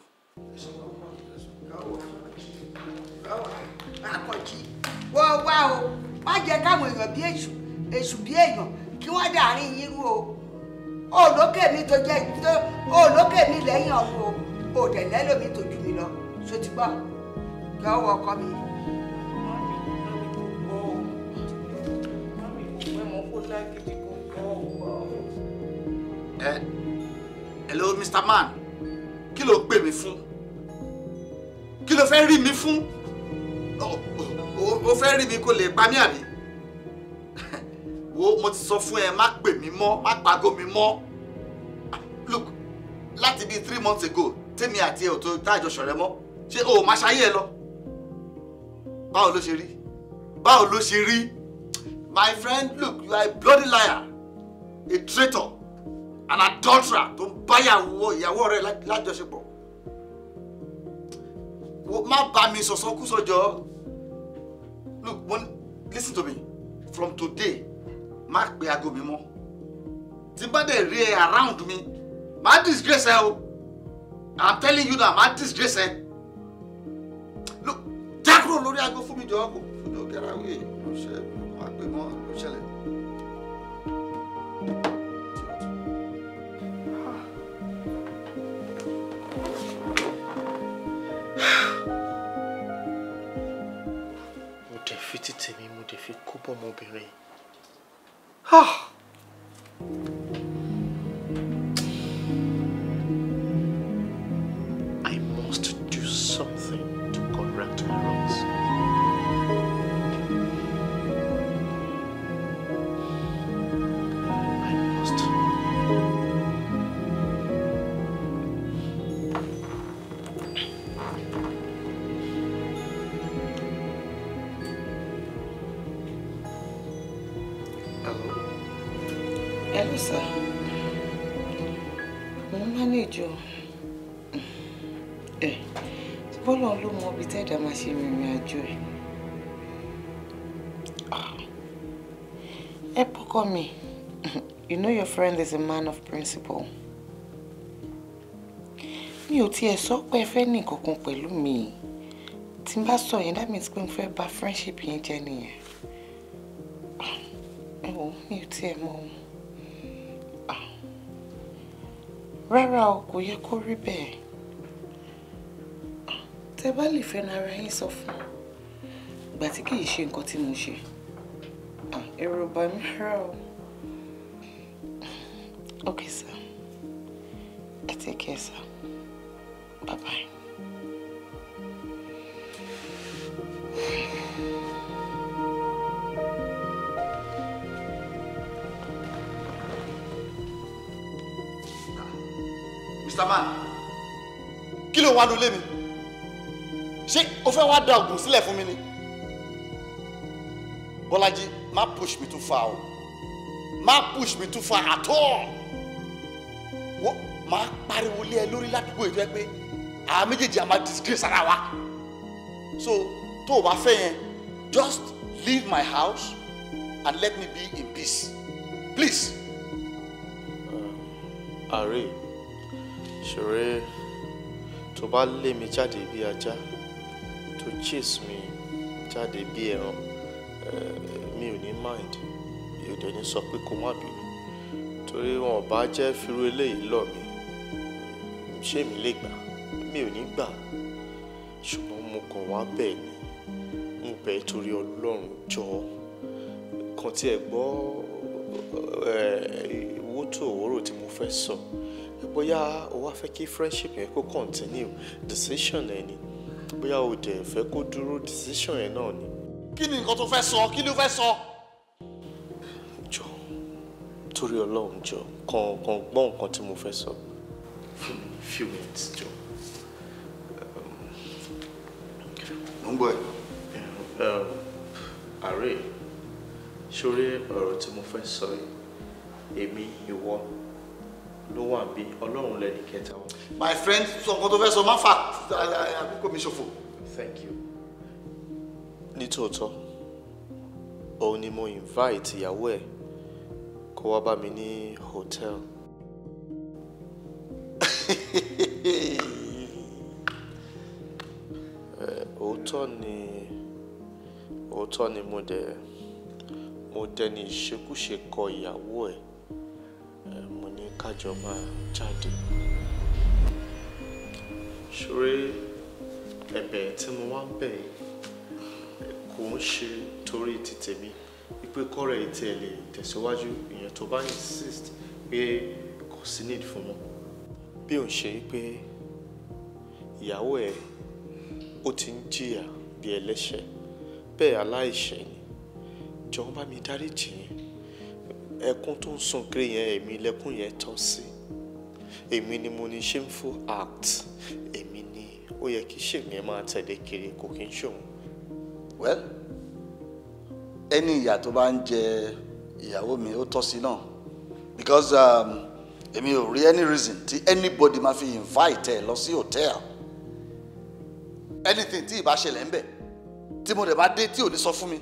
wọ́n wá o má jẹ́ káwọn èèyàn bí èṣù èṣù bí èèyàn kí wọ́n dàárín yín rú o olókè mi tó jẹ́ olókè mi lẹ́yìn ọ̀hún o òdẹ̀ lẹ́lòmí tó jù mí lọ ṣó ti gbọ́ kí ọwọ́ ọkọ mi. ẹ hello Mr. Man kí ló gbé mi fún kí ló fẹ́ rí mi fún ó fẹ́ rí mi kó lè pa mí àbí wo mo ti sọ fún ẹ má gbè mí mọ́ má pàgọ́ mi mọ́ look láti bíi three months ago tèmi àti ẹ ò tó dájọ ṣọ̀rẹ́ mọ́ ṣé o ò máa ṣayé ẹ lọ báwo ló ṣe rí báwo ló ṣe rí my friend look you are a bloody liar a traitor an adulterer tó ń báyàwó ìyàwó rẹ lájọṣepọ̀ má bá mi sọ̀sọ́ kú sọ̀jọ́ look one listen to me from today má pe aago mi mọ́ tí bá dẹ̀ rí ẹ around mi má disgrace ẹ o i'm telling you now má disgrace ẹ lo jákúrò lórí aago fún mi jọ kò fún jọ kẹra wíì ló ṣe má pe mọ́ ló ṣẹlẹ̀. mo dẹ̀ fi títẹ̀ mi mo dẹ̀ fi kó bọ́ ọmọbìnrin yìí. Oh. bọ́lọ̀ ló mọ ibi tẹ́ẹ̀dá máa ṣe rìnrìn àjò ẹ̀. Ah. ẹ pọ́kọ mi you know your friend is a man of principle. mi ò tiẹ̀ sọ pé ẹ fẹ́ ní kankan pẹ̀lú mi tí n bá sọ yẹn that means pé n fẹ́ bà friendship yẹn jẹ́ nìyẹn. ẹ ah. wò mi ò tiẹ̀ mọ ohun. Ah. rárá o kò yẹ kó rí bẹ́ẹ̀ tẹ́ bá lè fẹ́nu ara yín sọ fún ìgbà tí kì í ṣe nǹkan tí mo ṣe ah, ẹ̀rù bà mí rà o. Okay, sir. I take care, sir. Bye-bye. Mr. Man, kí ló wà nílé mi? ṣé o fẹ́ wá da oògùn sílẹ̀ fún mi ni Bọ́lájí má push me too far o má push me too far at all wọ́n máa pariwo lé ẹ lórí ládùúgbò ìjọ ẹ pé àwọn méjèèjì a máa disgrace ara wa so tó o bá fẹ́ yẹn just leave my house and let me be in peace please. ààrẹ ṣeré tó bá lé mi jáde bí ajá. Ja To chase me, jáde bí ẹran eh, mi ò ní mind mi ò dẹ̀ ní sọ pé kó má bínú torí wọn ò bá jẹ́ firu eléyìí lọ mi ṣé mi lè gbà mi ò ní gbà ṣùgbọ́n mo kàn wá bẹ́ẹ̀ ni mo bẹ̀ torí ọlọ́run jọ kan tí ẹ gbọ́ owó eh, tó òwúrò tí mo fẹ́ sọ bóyá o wá fẹ́ kí friendship yẹn kó continue decision ẹ ni bóyá o dẹ̀ fẹ́ kó dúró decision yẹn náà ni. kí ni nǹkan tó fẹ́ sọ kí ló fẹ́ sọ. jọ torí Ọlọ́run jọ kàn kàn gbọ́ nǹkan tí mo fẹ́ sọ. few minutes jọ. mo ń gbọ́ ẹ. àárẹ̀ um, sórí ọ̀rọ̀ tí mo fẹ́ sọ yìí èmi ìwọ ló wà bí ọlọ́run lẹ́ni kẹta wọn. my friend sọ nǹkan tó fẹ́ sọ má fà àbíkò mi ṣòfò. thank you. nítòótọ́ òun ni mo invite ìyàwó ẹ̀ kó wá bá mi ní hotel. [laughs] Eh, òótọ́ ni òótọ́ ni mo dẹ̀ mo dẹ̀ ní ìṣekúṣe kọ ìyàwó ẹ̀. E ní kájọba jáde ṣoré ẹ̀bẹ̀ tí mo wá bẹ̀ kò ń ṣe torí ti tèmi wípé kọ́rọ̀ ètò ẹ̀ lè tẹ̀síwájú ìyẹn tó bá insist pé kò sí need fún wọn bí ò ń ṣe pé ìyàwó ẹ̀ ó ti ń jìyà bí ẹlẹ́ṣẹ̀ bẹ́ẹ̀ aláìṣẹ̀ ni jọ̀wọ́ bá mi dáríjì yín ẹkún tó ń sun kiri yẹn èmi lẹ́kún yẹn tọ́ sí èmi ni mo ní shameful act èmi ni ó yẹ kí ṣègùn yẹn máa tẹ̀lé kiri kò kí n ṣòun. well ẹni ìyà tó bá ń jẹ ìyàwó mi ó tọ́ sí náà because um, èmi ò rí any reason tí anybody máa fi invite ẹ lọ sí hotel anything tí ìbá ṣẹlẹ̀ ń bẹ̀ tí mo dẹ̀ bá dé tí ò ní sọ fún mi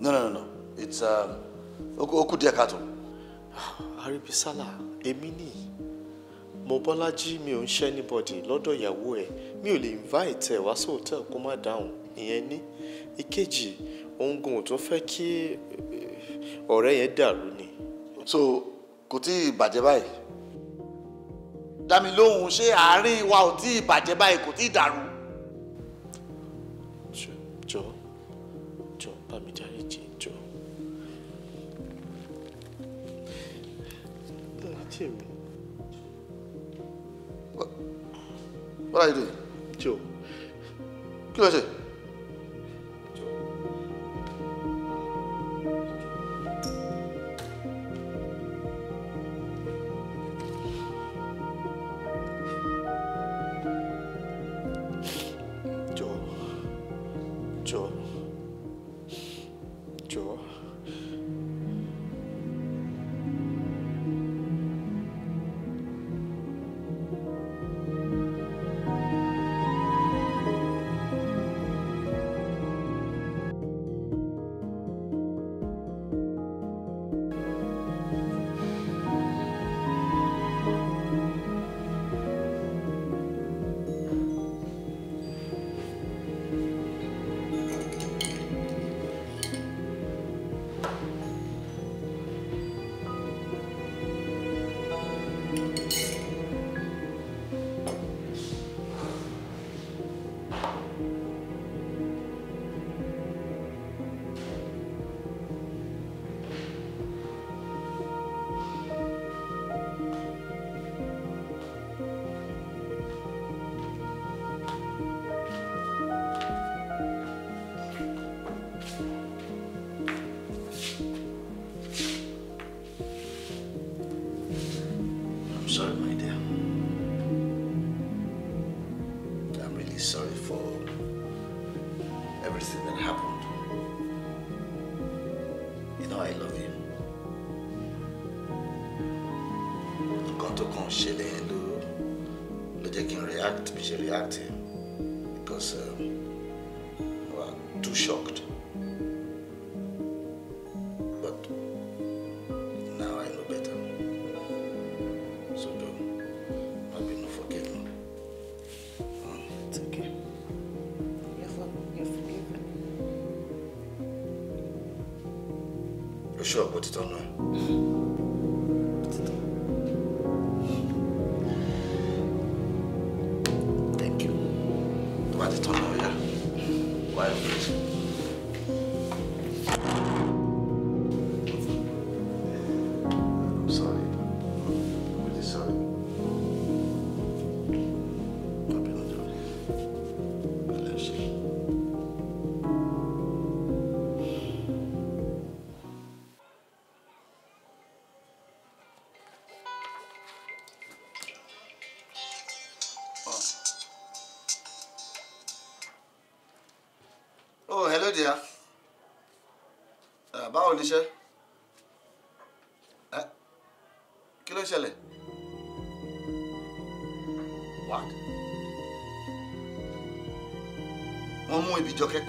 no no no no it's. Um, ó díẹ̀ káàtó. àríbísálà èmi nìyí mo bọ́lájí mi ò ń ṣe anybody lọ́dọ̀ ìyàwó ẹ̀ mi ò lè invite ẹ̀ wá sí hòtẹ́ẹ̀lì kó má dáhùn ìyẹn ní ìkejì òun gan ò tún fẹ́ kí eh, ọ̀rẹ́ yẹn dàrú ni. so kò tí ì bàjẹ́ báyìí dá mi lóhùn ṣé àárín wa ò tí ì bàjẹ́ báyìí kò tí ì dàrú. material. What, what are you doing? Joe. Kí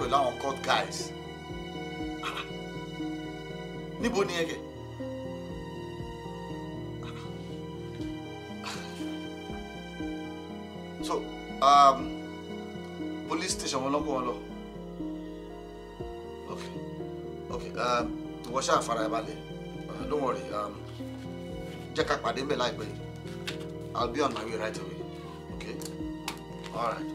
pẹ̀lú àwọn court guys níbo ni ẹ kẹ. so um, police station wọn lọ́kọ̀ wọn lọ ok ok um, ìwọ ṣáà fara ẹ balẹ̀ uh, don't worry um, jẹ́ ká pàdé mbẹ̀ láìpẹ́ I'll be on my way right away ok all right.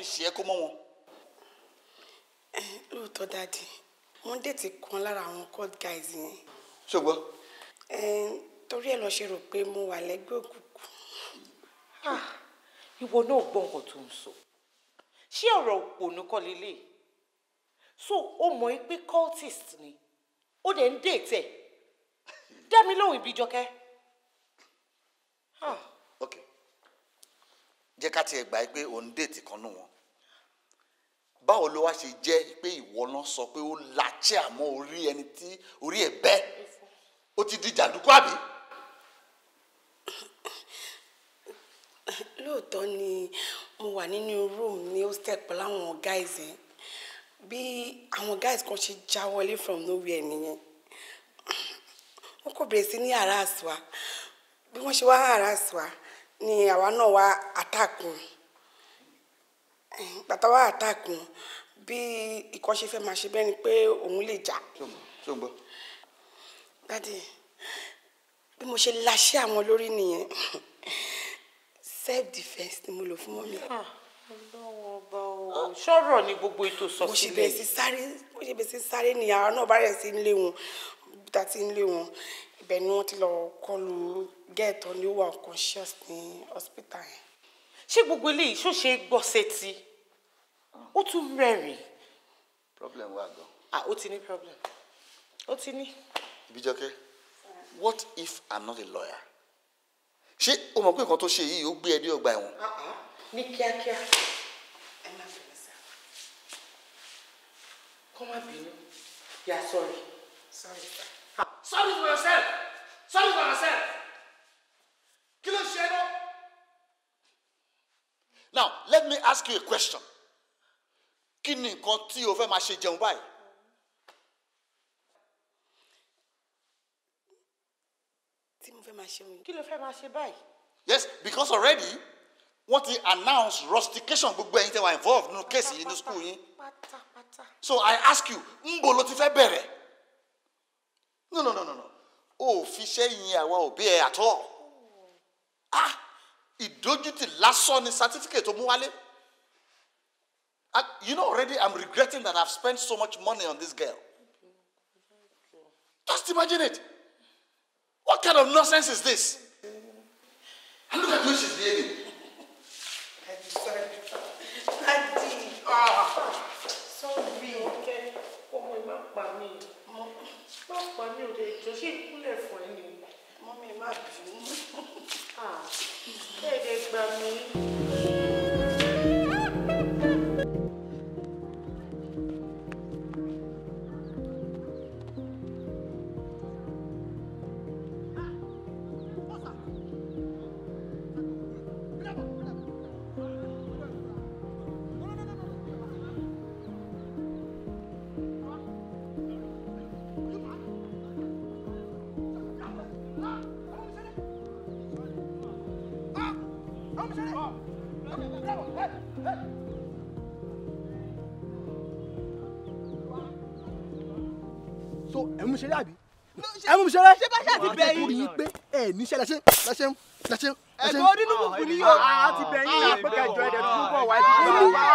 fi ṣe é kó mọ́ wọn. ẹ lóòótọ́ dáàdi mo déètì kan lára àwọn court guys yẹn. ṣùgbọ́n. ẹ torí ẹ lọ ṣe rò pé mo wà lẹ́gbẹ́ òkùnkùn. ìwọ náà gbọ́ nǹkan tó ń sọ ṣé ọ̀rọ̀ òpònú kọ́ lélẹ̀ so o mọ̀ pé cultist ni ó dẹ̀ ń déètì ẹ̀ dá mi lóhùn ibi jọkẹ́. ok jẹ́ ká tiẹ̀ gbà pé òun déètì kan nù wọn báwo ló wá ṣe jẹ́ pé ìwọ náà sọ pé ó làchẹ́ àmọ́ orí ẹni tí orí ẹ̀ bẹ́ ó ti di jàǹdùkú àbí. lóòótọ́ ni mo wà nínú room ní hostel pẹ̀lú àwọn guys yẹn bí àwọn guys kan ṣe já wọlé from nowhere nìyẹn wọn kò bẹ̀rẹ̀ sí ní àràsùwà bí wọ́n ṣe wá àràsùwà ni àwa náà wá àtàkùn bàtà wà àtàkùn bí ìkọ́ṣe fẹ́ máa ṣe bẹ́ẹ̀ ni pé òun lè jà. dádì bí mo ṣe láṣẹ àwọn lórí nìyẹn self defence ni mo lò fún mọ́mí. ọlọ́wọ́ o ṣọ́rọ̀ ni gbogbo ètò sọ sílẹ̀. mo ṣe bẹ̀rẹ̀ sí sáré mo ṣe bẹ̀rẹ̀ sí sáré ni àwọn náà bá rẹ̀ sí nílé wọn bùtà tí nílé wọn ibẹ̀ ni wọ́n ti lọ kọlu gẹ́ẹ̀tọ́ ni ó wà unconscious ní hospital yẹn. ṣé gbogbo eléyìí ṣó ṣe é gbọ́ ó tún rẹ̀rìn. problem wà gan. ah ó ti ní problem ó ti ní. Ìbíjọkẹ́ what if i'm not a lawyer ṣé o mọ̀ pé nǹkan tó ṣe yìí ó gbé ẹ dé ọgbà ẹ̀wọ̀n. Uh-uh. ní kíákíá ẹ má bẹ̀rẹ̀ sá kọ́ má bínú yà sọ̀rì sọ̀rì sorry for yourself sorry for yourself kí ló ṣe é náà. now let me ask you a question kí ni nǹkan tí o fẹ́ máa ṣe jẹun báyìí. tí mo fẹ́ máa ṣe òun. kí ló fẹ́ máa ṣe báyìí. yes because already wọ́n ti announce rustication gbogbo ẹ̀yin tẹ́ wà involved nínú kéèsì yìí ní school yín. pátápátá. so i ask you ńbo ló ti fẹ́ bẹ̀rẹ̀. no no no no no o fi ṣe yin àwa òbí ẹ àtọ. ah ìdójútì lásán ni certificate tó mú wálé. you know, already I'm regretting that I've spent so much money on this girl. Just imagine it. What kind of nonsense is this? And look at who she's behaving. Ah. ṣeré àbí ẹ mú mi ṣeré ṣé bá ṣáà ti bẹ yín. ọkùnrin pé ẹ níṣẹ́ lẹ́ṣẹ́ lẹ́ṣẹ́ lẹ́ṣẹ́. ẹ̀gbọ́n onínú bùkún ni yóò. a ah, ti bẹ yín náà pé kẹjọ ẹ̀dẹ̀ tó bọ̀ wá ẹ̀dẹ̀ tó bọ̀ wá.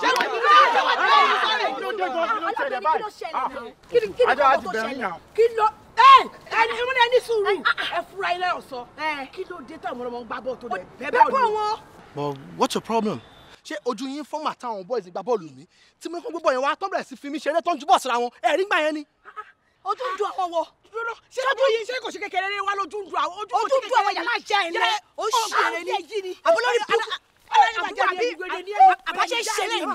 ṣé wàá ti bẹ́ẹ̀ ṣé wàá ti bẹ́ẹ̀ sọ̀rọ̀ ah, kí ló dé gan ló ṣẹlẹ̀ báyìí. ajá a ti bẹ yín náà. kí ló ẹni ìmúlẹ̀ ní sùúrù ah, ẹ fura ilé ọ̀sọ́ eh. kí ló dé tó lẹ̀ bẹ́ẹ̀ bọ́ọ̀ ni. but what's your problem? ṣé ojú yín fọ́mà táwọn bọ́ọ̀lù mi tí mo kọ́ gbogbo yẹn wá tó bẹ̀rẹ̀ sí fi mí ṣeré tó ń ju bọ́ọ̀sì ra wọn ẹ̀rí gbà yẹn ni ojú ń dun àwọn wo. dúró ṣé ojú yìí ṣé kò ṣe kékeré ní wa lójú ń dun àwọn ojú ojú ń dun àwọn yàrá jẹ ẹ lẹ o ṣì èrè ni abolórí burúkú a àbáṣe ṣẹlẹ̀ yìí.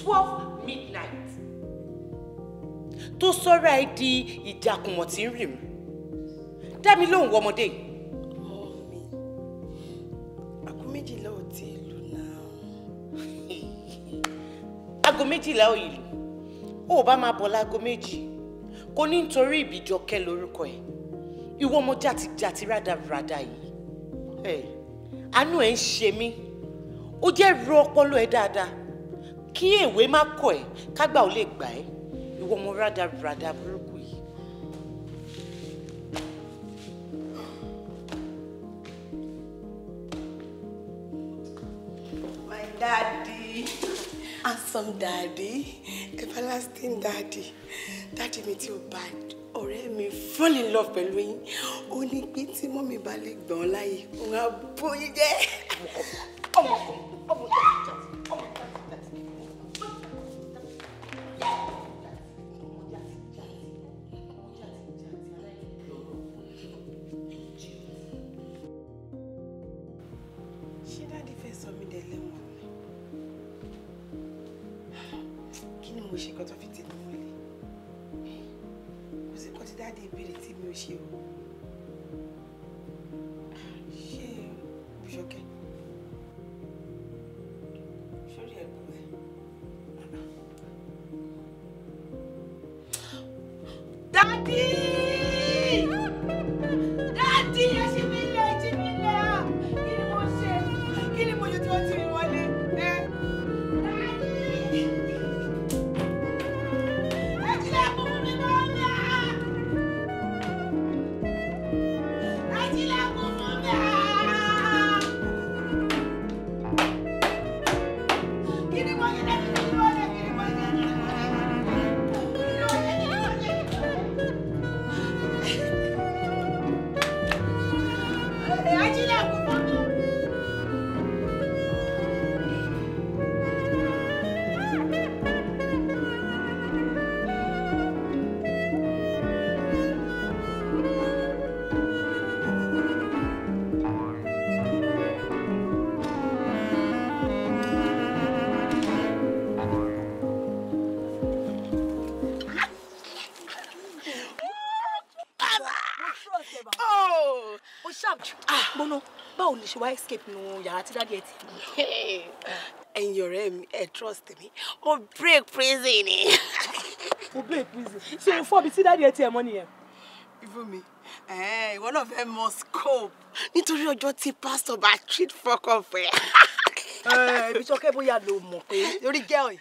twelve tó sọ́ra ẹ di ìdàkùnmọ̀ tí ń rì mí dá mi lóhùn ọmọdé. ọmọ aago méjìlá ò tí ì lù náà. aago [laughs] méjìlá ò yìí lù ó bá máa bọ̀ láago méjì kò ní nítorí ìbìjọkẹ́ lórúkọ ẹ̀ ìwọ ọmọ jàtijàti rádaràda yìí àánú ẹ̀ ń ṣe mí ó jẹ́ ro ọpọlọ ẹ dáadáa kí èwe má kọ ẹ kágbà ó lè gbà ẹ́ ìwọ ọmọ rádaràdà burúkú yìí. my daddy handsome daddy everlasting daddy daddy mi tí ò bá ọ̀rẹ́ mi fall in love pẹ̀lú yín ó ní pé tí mọ́mi bá lè gbọ́n láyè òun á bóyí jẹ́. ọmọkùnrin ọmọkùnrin. ṣe wá escape nu yàrá tí dáàdi ẹ ti mú. [laughs] ẹ̀yin ọ̀rẹ́ mi ẹ trust me. ó break prison ni. ó break prison ṣe é fọ́bi tí dáàdi ẹ ti ẹ̀ mọ́ nìyẹn. ibo mi ìwọ náà fẹ́ mọ scope nítorí ọjọ́ tí pastor, bá treat fuck off [laughs] ẹ̀ ibi tí ọkẹ bóyá ló mọ pé lórí gẹ́ọ̀ yìí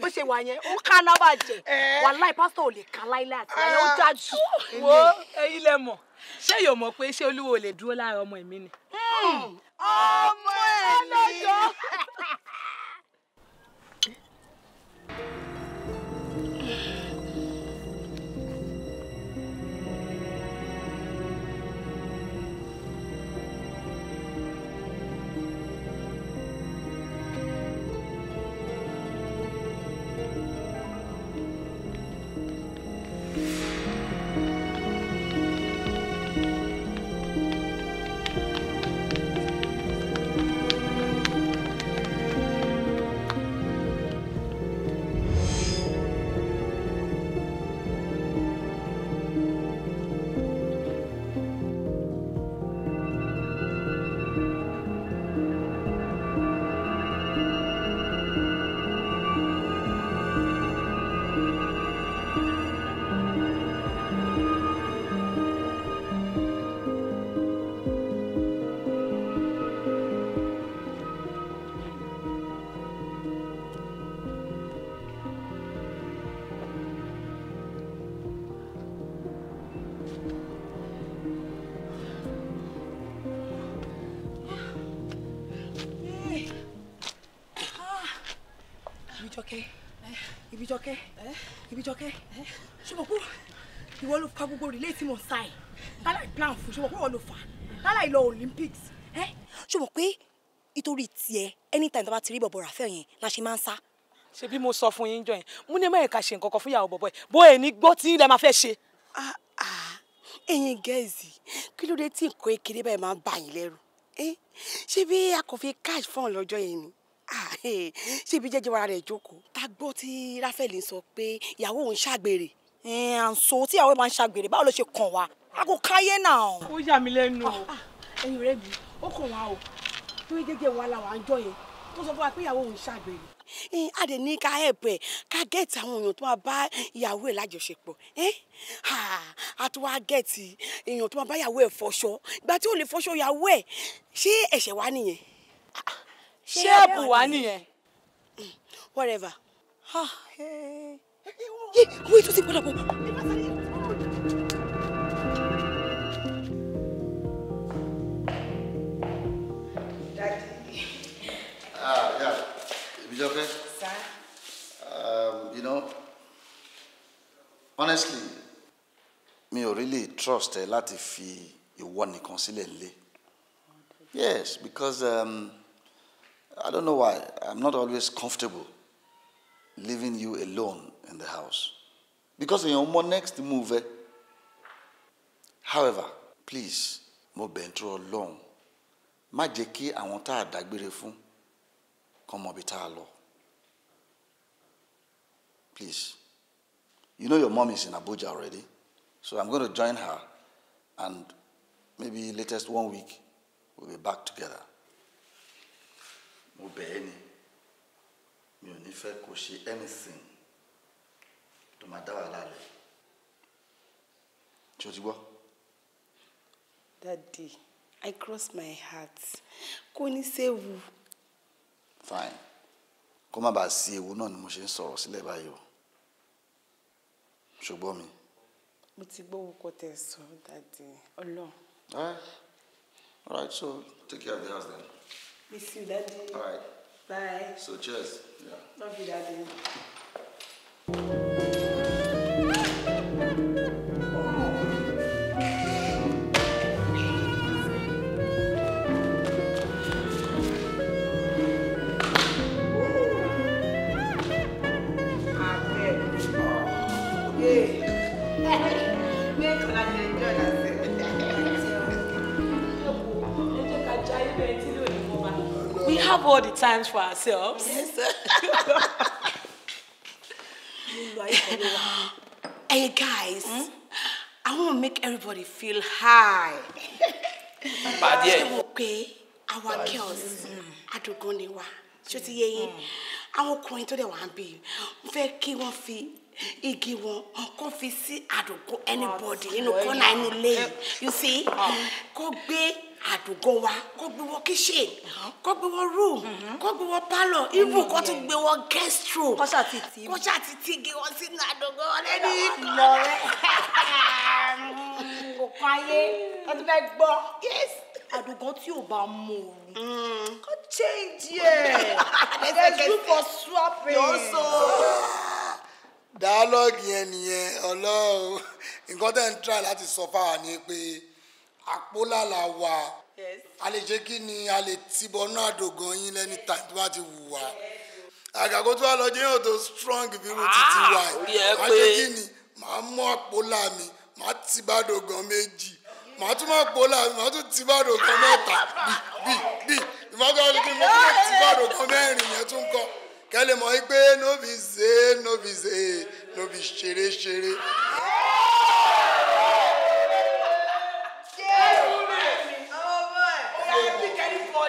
bó ṣe wà yẹn ó ká náà bàjẹ́ wàláì pásítọ̀ ò lè ká láíláì àti ẹ̀yẹ́ ó dájú. Ah, wo ẹ̀yin lẹ mọ̀ ṣé yóò mọ̀ pé ṣé olúwo lè dúró lára ọmọ hmm. ẹ̀mí ni. ọmọ ẹ̀mí. [laughs] Ìbíjọkẹ́ Ìbíjọkẹ́ eh? eh? ṣùgbọ́n pé ìwọ ló fa gbogbo rìlé tí mo sa ẹ̀ láláì plan fún ṣùgbọ́n pé ìwọ ló fà láláì lọ Olympics. Eh? ṣùgbọ́n pé nítorí tiẹ̀ anytime tó bá ti rí bọ̀bọ̀ Rafael yẹn la ṣe máa ń sá. ṣé bí mo sọ fún yín jọ yẹn mo ní mẹ́ẹ̀ka ṣe nǹkan kan fún ìyàwó bọ̀bọ̀ ẹ̀ bó ẹ̀ ní gbọ́ tí ilẹ̀ máa fẹ́ ṣe. Ah, ah, ẹ̀yin gẹ̀ẹ́sì kí ló dé tí nǹkan kékeré báyìí máa ń bà yín lẹ́rù ṣé bí a kò fi cash fún ọ lọ́jọ́ yẹn ni [laughs] ṣé ibi jẹ́jẹ́ wàrà rẹ̀ jókòó tá gbọ́ tí ráfẹ́lì sọ pé ìyàwó òun ṣàgbèrè àǹso tí ìyàwó máa ń ṣàgbèrè báwo ló ṣe kàn wá aago káyé náà. ó yà mí lẹ́nu o ah, ah, ẹ̀yin rẹ̀ mi ó kàn wá o tó yẹ jẹ́jẹ́ wàhálà wà ń jọ yẹn tó sọ fún wa pé ìyàwó òun ṣàgbèrè. a dẹ̀ ní ká ẹ̀bẹ̀ ká gẹ̀ẹ́tì àwọn èèyàn tó máa bá ìyàwó ẹ̀ lájọṣepọ̀ a tún wá gẹ̀ẹ́tì èèyàn tó máa bá ìyàwó ẹ̀ fọṣọ ìgbà tí ò lè fọṣọ ìyàwó ẹ̀ ṣé ẹ̀ṣẹ̀ wá nìyẹn. Ah, ṣé ẹ̀bùn wá nìyẹn. whatever. yé owó ètò ti padà bọ̀. Ah, um, you know, honestly, mi ò really trust ẹ láti fi ìwọ nìkan sílẹ̀ lé. Yes, because um, I don't know why. I'm not always comfortable leaving you alone in the house. Because in your next move, eh, however, please, mo bẹ̀ntúrò long. má jeki kí àwọn a fún kọ́ mọ ibi lọ. Please, you know your mom is in Abuja already, so I'm going to join her and maybe latest one week we'll be back together. mo bẹ̀ ẹ́ ni mi ò ní fẹ́ kó ṣe anything tó máa dá wàhálà rẹ̀ ṣé o ti gbọ́. Daddy, I cross my heart kò ní séwu. fine kó má bàa sí ewu náà ni mo ṣe ń sọ̀rọ̀ sílẹ̀ báyìí o ṣùgbọ́n mi. mo ti gbọ́ owó kọ́ tẹ̀ sọ dáadé ọlọ́run. Eh? all right so take care of the house then. Miss you, Daddy. All right. Bye. So cheers. Yeah. Love you, Daddy. Ah, [laughs] Thank you. We have all the times for ourselves. [laughs] hey guys, hmm? I want to make everybody feel high. Bad yeah. pé our girls adogun mm, ni wa ṣó ti yé yín mm. àwọn ọkùnrin tó dẹ̀ wá ń bí mo fẹ́ kí wọ́n fi igi wọn kó fi sí àdògún anybody nínú kọ́nà inú ilé yìí you see ah. kó gbé àdúgbò wa kó gbé wọ kitchen uh-huh. kó gbé wọ room mm-hmm. kó gbé wọ parlour. even mm-hmm. kó tún gbé wọ guest room kó ṣàti tí kó ṣàti tí gé wọn sínú àdúgbò lẹ́ni ìkọlẹ. òkun ayé ẹ ti fẹ́ gbọ́ àdúgbò tí ò bá mú ooru mm. kó change ẹ there's room for swapping. dialogue yẹn nìyẹn ọlọ́run nǹkan tẹ́ ń try láti sọ fáwa ni pé àpólà la wà a lè ṣe kí ni a lè tibọ̀ náà dògan yín lẹ́ni tí wọ́n ti wù wá àgàkó tó wà lọ jẹ́ yóò tó strong bí mo ti ti ah, wà yìí a ṣe kí ni màá mú àpólà mi màá tibá dògan méjì màá tún mọ àpólà mi màá tún tibá dògan mẹ́ta bí bí bí ìmọ̀gá ọdún kí n mọ̀ tún tibá dògan mẹ́rin yẹn tún kọ́ kẹ́lẹ́ mọ̀ wípé nóbi ṣe é nóbi ṣe é nóbi ṣeré ṣeré.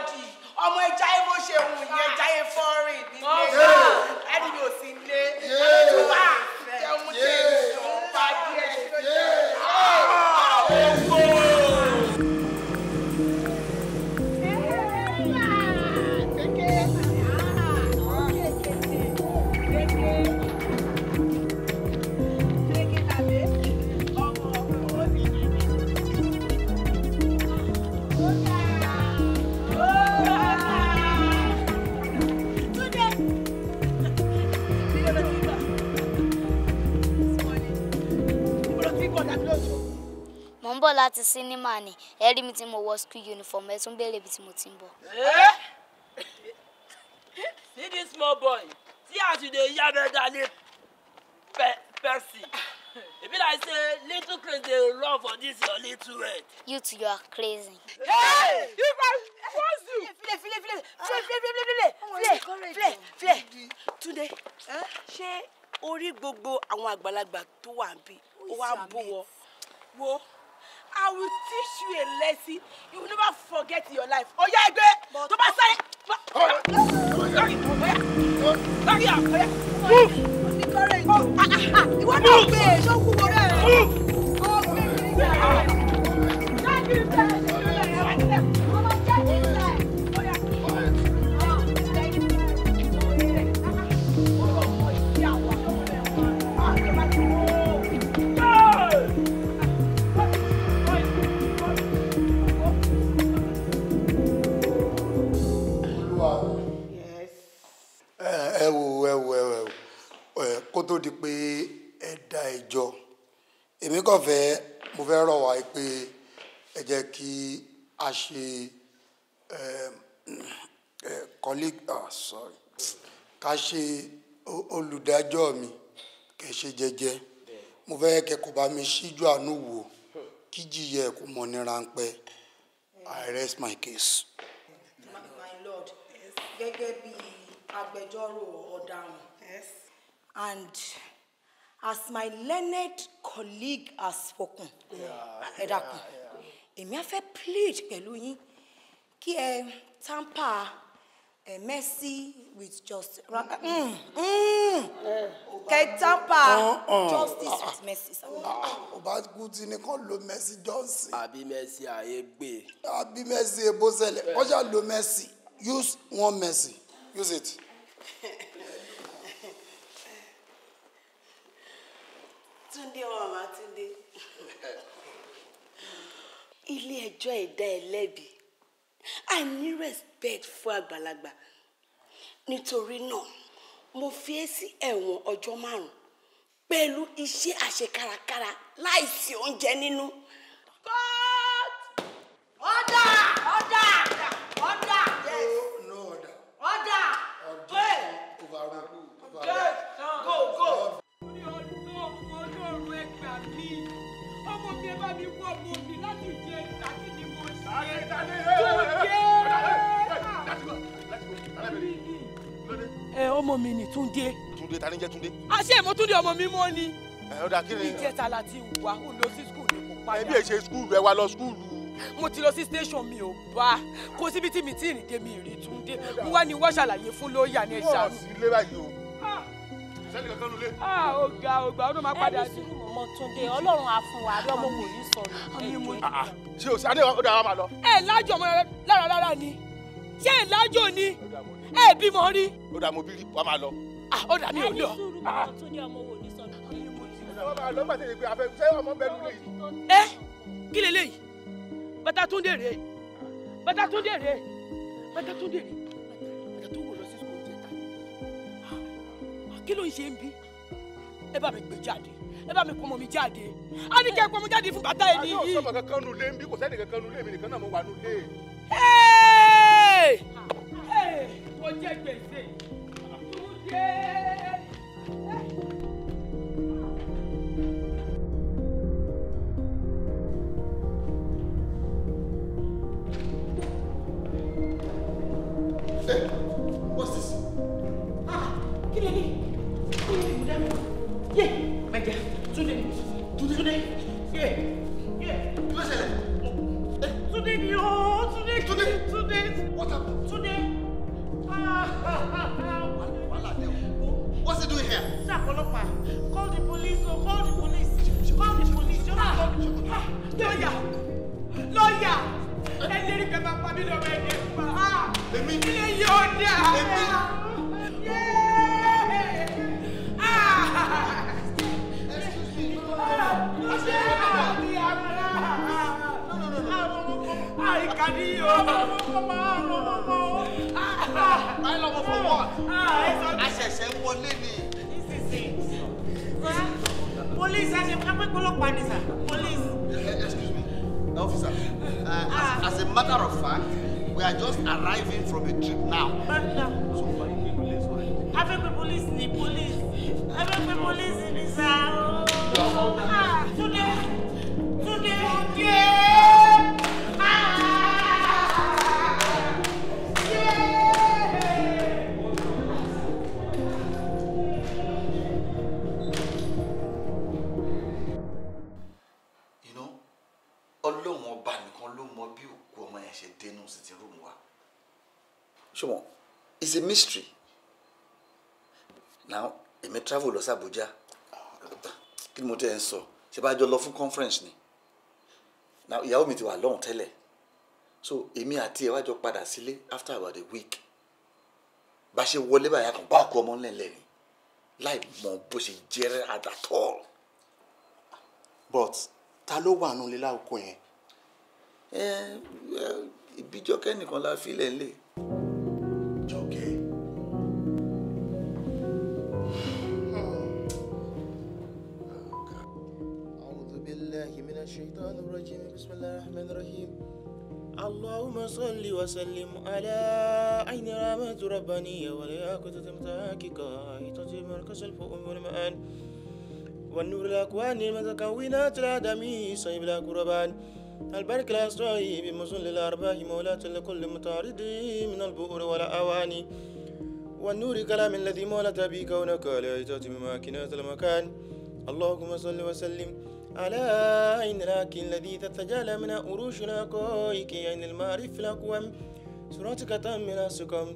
everybody ọmọ ẹja yẹn bó ṣe wù yẹn ẹja yẹn fọ́ọ̀rìn nílé ẹni mi ò sí nílé ẹni tó bá. bọ̀ láti sinimá ni ẹ rí mi tí mo wọ school uniform ẹ tún béèrè ibi tí mo ti ń bọ̀. Eh? see this small boy see as you dey yarn that little pe person e be like say little craze dey run for this your little head. you too you are crazy. hey if i was you. file file file file file file file file file file Túndé ṣé orí gbogbo àwọn àgbàlagbà tó wà ń bí ó wá ń bú wọ wo I will teach you a lesson you will never forget in your life. Ọ̀yá ẹgbẹ́ tó bá sáré. sorry, oh, oh. sorry. Lórí àpẹẹrẹ. Oníkọ́rẹ́ ìjọ. Ìwọ náà gbé e, ṣó kú wọlé rẹ̀. Ó gbé e. Jáde bẹ́ẹ̀. tó di pé ẹ dá ìjọ èmi kàn fẹ́ mo fẹ́ rọ̀ wá pé ẹ jẹ́ kí a ṣe eh, eh, ah, sorry ká ṣe olùdájọ́ mi kẹ̀ ṣe jẹ́jẹ́ mo fẹ́ kẹ́ kó bá mi ṣíjú àánú wò kí jìyẹ kó mọ ní ráńpẹ́ I rest my case. my, my lord gẹ́gẹ́ bí agbẹjọ́rò ọ̀daràn. Yes and as my learned colleague has spoken ẹ dákun èmi plead pẹ̀lú yín kí ẹ tamper ẹ mercy with justice mm, mm. eh, kẹ tamper oh, oh. justice with mercy. ó bá kú tí ni kàn lo mercy johnson. àbí mercy àyè gbé. àbí mercy ebó ṣẹlẹ̀ kọ́ṣà lo mercy use one mercy use it. [laughs] Túndé ọmọ màmá Túndé. Ilé ẹjọ́ ẹ̀dá ẹlẹ́bi. I need respect fún àgbàlagbà. Nítorí náà, mo fi é sí ẹ̀wọ̀n ọjọ́ márùn-ún pẹ̀lú iṣẹ́ àṣekárakára láìsí oúnjẹ nínú. ọmọ mi láti jẹ ìdájí ni mo ṣe Túndé. ẹ ọmọ mi ni Túndé. Túndé ta ni jẹ Túndé. àṣé ìmọ̀ Túndé ọmọ mi mọ́ ni. ẹ ọ̀dà kí ni. ìjẹta la wà ó lọ sí skul kò padà. ẹbí ẹ ṣe skul ẹ wá lọ skul. mo ti lọ sí station mi ò bá kó síbi tí mi tí rìn dé mi rí Túndé wá ni wọ́n ṣàlàyé fún lóòyà ní ẹ̀ṣá. wọ́n sì lé báyìí o sẹ́ni kan tọ́nu lé. a ò ga ò gbà ó ló máa padà. ẹni sùúrù mọ̀mọ́ ah, ah, o sáré ọ̀dọ̀ lọ. ẹ lájọ ọmọ rẹ lára lára ni ṣé ẹ lájọ ni ẹ bímọ rí. ó dà mo bí rí wàá ah, máa lọ. ó dà mí ò lọ. ẹni sùúrù mọ̀mọ́ Túndé ọmọ wò ní sọ̀rọ̀ ẹ kí lélẹ́yìí bàtà Túndé bàtà Túndé rèé bàtà kí ló ń ṣe ń bí ẹ bá mi gbé jáde ẹ bá mi pọmọ mi jáde á ní kẹ́ ẹ pọmọ jáde fún bàtà ẹni yìí. àti ọ̀sán kankan nulẹ̀ ń bí kò sẹ́ni kankan nulẹ̀ mi nìkan náà mo wà nulẹ̀. mo jẹ gbèsè túnde. Yeah. lọ́ọ̀yà eh, oh, ah, ẹ lérí kẹta pàdé lọ́wọ́ ẹ̀ ẹ̀ fà á ilé yóò dáa. Daddy, mama, mama, mama. Oh. Ah, I love her for what? Ah, I ṣẹ̀ṣẹ̀ wọlé ni. Ah, police, I should come and sir. Police. Excuse me, officer. Uh, as, as a matter of fact, we are just arriving from a trip now. But now. So, I think the police need police. I think the police need sir. is a mystery now may travel to sí Abuja kí ni mo tẹ́ ẹ ń sọ ṣe bá jọ conference ni now ìyàwó mi ti wà long tẹ́lẹ̀ so èmi ati ẹ̀ wá jọ padà sílé after about a week bá ṣe wọlé báyà kan bá kú ọmọ ńlẹ̀ńlẹ̀ ni láì mọ bó ṣe at all. but ta ló wà nù lílá oko Eh, well, eh, ẹ ìbíjọkẹ́ nìkan la fi lẹ̀ ń اللهم صل وسلم على عين رامة ربانية ولياقة امتاكك حيطة مركز الفؤم والمآن والنور الأكوان المتكونات الآدمي صيب الأكربان البرك الأسرائي بمظل للأرباح مولاة لكل مطارد من البؤر والأواني والنور كلام الذي مولت به كونك لأيتات مماكنات المكان اللهم صل وسلم على إن لك الذي تتجلى من أروشنا كويك أن المعرف لكم سراتك تمنا سكم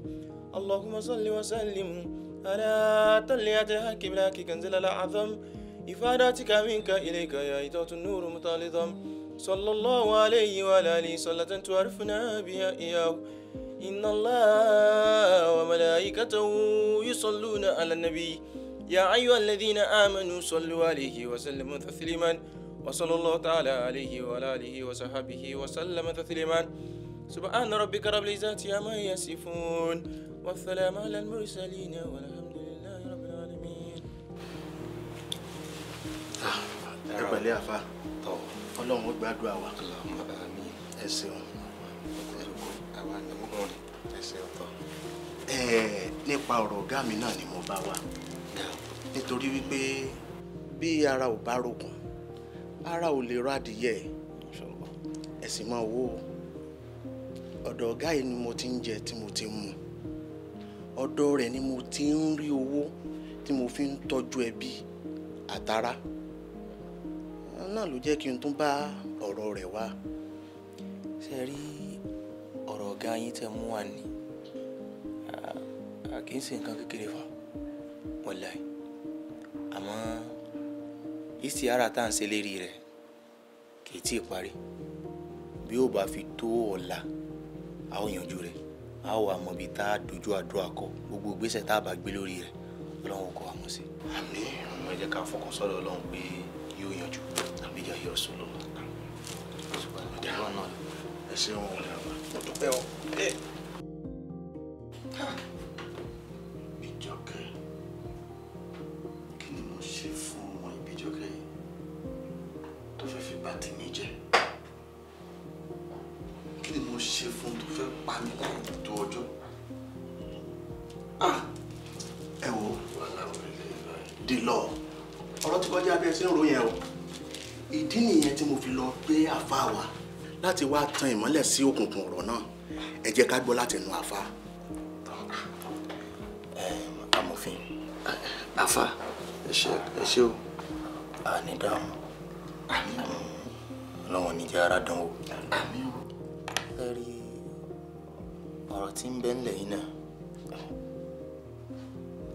اللهم صل وسلم على تلية حكم لك كنزل العظم إفاداتك منك إليك يا إيطاة النور مطالظم صلى الله عليه وعلى آله صلاة تعرفنا بها إياه إن الله وملائكته يصلون على النبي يا أيها الذين آمنوا صلوا عليه وسلموا تسليما وصلى الله تعالى عليه وعلى آله وصحبه وسلم تسليما سبحان ربك رب العزة عما يصفون والسلام على المرسلين والحمد لله رب العالمين ah, ẹ pẹ̀lẹ́ àfa ọlọ́run ó gbàdúrà wa ẹ ṣeun nípa ọ̀rọ̀ ọ̀gá mi náà ni mo bá wa. nítorí wípé bí ara ò bá rokùn ara ò lè rọ adìyẹ ẹ̀sìn máa wò ó ọ̀dọ̀ ọ̀gá yìí ni mo ti ń jẹ tí mo ti ń mu ọ̀dọ̀ rẹ̀ ni mo ti ń rí owó tí mo fi ń tọ́jú ẹbí àtàrà náà ló jẹ́ kí n tún bá ọ̀rọ̀ rẹ̀ wá. ṣe rí ọ̀rọ̀ ọ̀gá yín tẹ́ mú wá ní kì í kékeré wa wọ́n láì àmọ́ istiara tá à ń ṣe lérí rẹ̀ kì í tí ì parí bí ó bá fi tó ọ̀la a ó yanjú rẹ̀ a ó wà mọ̀ bí tá a dojú àdúrà kọ gbogbo ìgbésẹ̀ tá a bá gbé lórí rẹ̀ ọlọ́run kọ́ àmọ́ sí. àmì ọmọ ẹ jẹ́ ká fọkàn sọ́dọ̀ ọlọ́run pé yóò yanjú àbí ìyá yóò sùn lọ́wọ́. ẹ ṣeun ọ̀dà ọ̀dà ọ̀dà wá tan ìmọ́lẹ̀ sí òkùnkùn ọ̀rọ̀ náà ẹ jẹ́ ká gbọ́ láti ẹnu àfa. amòfin àfa ẹ ṣe o àní dáhùn ọlọ́wọ́n ní jẹ́ ara dánwò. ẹ rí ọ̀rọ̀ tí ń bẹ ńlẹ̀ yìí náà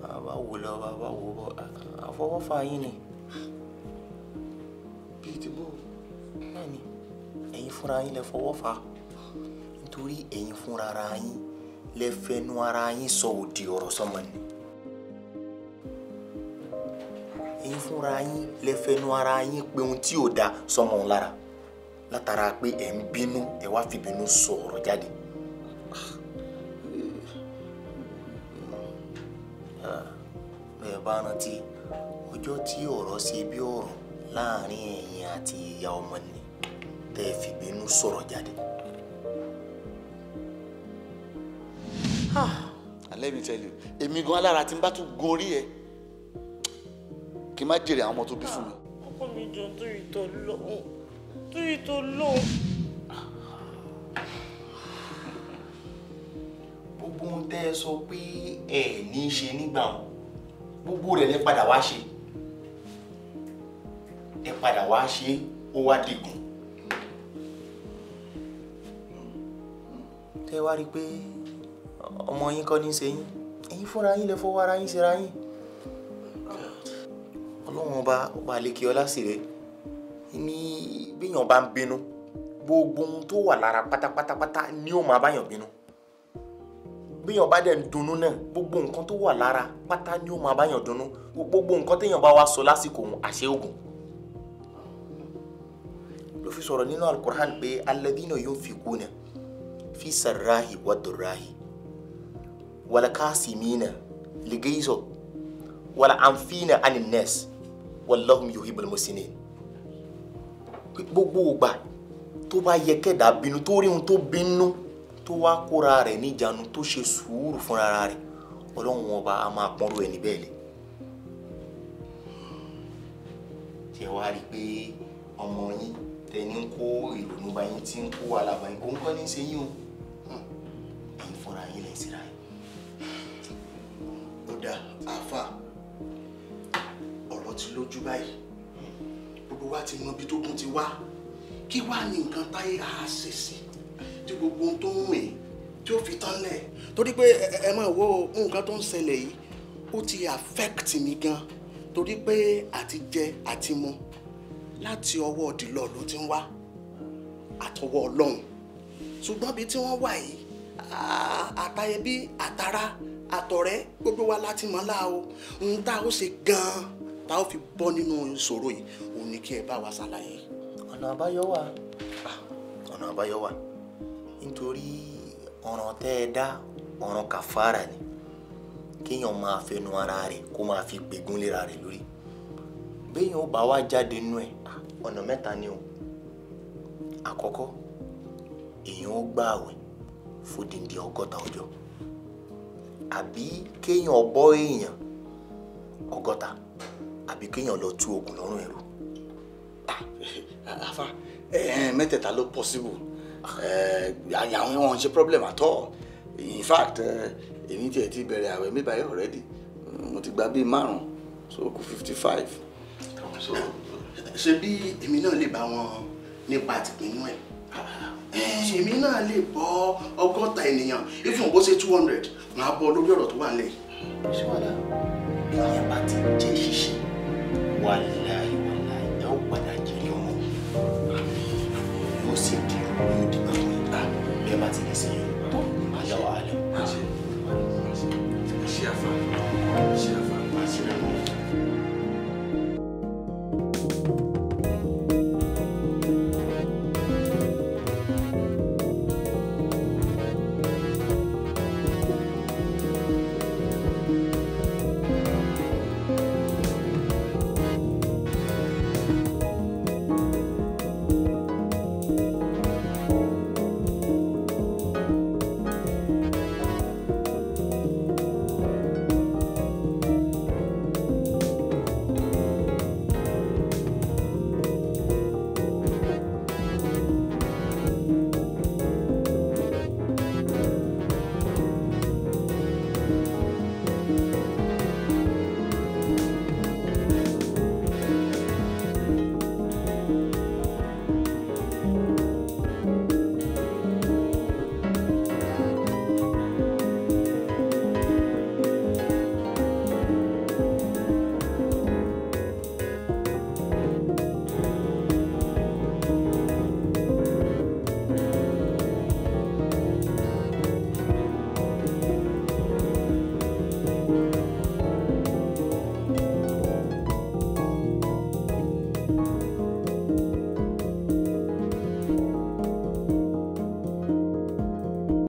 bàbá wò lọ bàbá wò bọ àfọwọ́fà yín ni bíi ti bò náà ni fúnra yín lẹ fọwọ́ fà á nítorí ẹ̀yin fúnra ara yín lẹ fẹnu ara yín sọ òdì ọ̀rọ̀ sọmọ ni ẹ̀yin fúnra yín lẹ fẹnu ara yín pé ohun tí ò da sọmọ òun lára látara pé ẹ̀ ń bínú ẹ̀ wá fìbínú sọ ọ̀rọ̀ jáde. bẹ́ẹ̀ bá rántí ọjọ́ tí ọ̀rọ̀ ṣe bí ọ̀rọ̀ láàrin ẹ̀yin àti ìyá ọmọ ni tẹ́ ẹ fìbínú sọ̀rọ̀ jáde. let me tell you èmi gan alára tí n bá tún gun orí ẹ kí n má jèrè àwọn ọmọ tó bí fún mi. ọkọ mi jọ torí tó lóhùn torí tó lóhùn. gbogbo ohun tẹ́ ẹ sọ pé ẹ ní í ṣe nígbà wọn gbogbo rẹ̀ lẹ́ padà wá ṣe ẹ padà wá ṣe ó wá dìgún. tẹ́ wá rí i pé ọmọ yín kọ́ ní í ṣe yín ẹ̀yin fúnra yín lè fọwọ́ ara yín ṣera yín ọlọ́run ọba ọba àlekè ọlá sì rẹ̀ ní béèyàn bá ń bínú gbogbo ohun tó wà lára pátápátápátá ni ó máa báyàn bínú béèyàn bá dẹ̀ ń dunnú náà gbogbo nǹkan tó wà lára pátá ni ó máa báyàn dunnú gbogbo nǹkan téèyàn bá wá sọ lásìkò òun àṣẹ ògùn ló fi sọ̀rọ̀ nínú alukur'an pé alladhina yunfikuna fi sarrahi wa durrahi wal kasimina ligaizo wal amfina anin nas wallahum yuhibbul musinin gbogbo ìgbà tó bá yẹ kẹ́dà bínú tó rí ohun tó bínú tó wá kóra rẹ̀ níjànú tó ṣe sùúrù fúnra rẹ̀ ọlọ́run ọba a máa pọ́nrú ẹni bẹ́ẹ̀ lẹ̀ tẹ wá rí i pé ọmọ yín tẹni ń kó ìrònú bá yín tí ń kó alábàáyín òun kọ́ ní í ṣe yín o ń fọ́ra yín lẹ́yìn síra yìí. ó dáa àáfà ọ̀rọ̀ ti lójú báyìí gbogbo wa ti mọ ibi tó kún ti wá kí wá ní nǹkan táyé á sí tí gbogbo ohun tó ń rìn tí ó fi tán lẹ̀ torí pé ẹ máa wo nǹkan tó ń ṣẹlẹ̀ yìí ó ti affect mi gan torí pé àti jẹ àti mu láti ọwọ́ dìlọ́ ló ti ń wá àtọwọ́ ọlọ́run ṣùgbọ́n bíi tí wọ́n wà yìí àtayẹbí àtara àtọ̀rẹ́ gbogbo wa láti mọ̀ láà o ohun tá ó ṣe gan-an tá ó fi bọ́ nínú ìṣòro yìí òun ni kí ẹ bá wa ṣàlàyé. ọ̀nà àbáyọ wà ah, ọ̀nà àbáyọ wà nítorí ọ̀ràn tẹ́ ẹ dá ọ̀ràn kàfàrà ni kéèyàn máa fẹnu ara rẹ̀ kó máa fi gbégún léra rẹ̀ lórí béèyàn ó bá wá jáde nú ẹ̀ ah, ọ̀nà mẹ́ta ni o àkọ́kọ́ èèyàn ó gbààwẹ̀ fódìndí ọgọ́ta ọjọ́ àbí kéèyàn ọbọ èèyàn ọgọ́ta àbí kéèyàn lọ tú oògùn lọ́rùn ẹ̀rù. àfa ah, eh, mẹ́tẹ̀ẹ̀ta ló possible eh, àwọn wọn ṣe problem at all in fact eh, èmi tiẹ̀ ti bẹ̀rẹ̀ àwẹ̀ mi báyìí already mo ti gba bíi márùn-ún so kù fifty five. ṣé bí èmi náà lè bá wọn nípa àtìpín inú ẹ̀. Ah, èmi náà lè bọ́ ọgọ́ta ènìyàn ifun bó ṣe two hundred màá bọ́ lórí ọ̀rọ̀ tó wà nílẹ̀ yìí. ṣé wàhálà ìyẹn bá ti jẹ́ ṣíṣe wàhálà ìwàlà ìyá ò padà jẹ́ yọmọ yóò sì di yóò dìgbà wọn ah, bẹ́ẹ̀ bá ti lè ṣe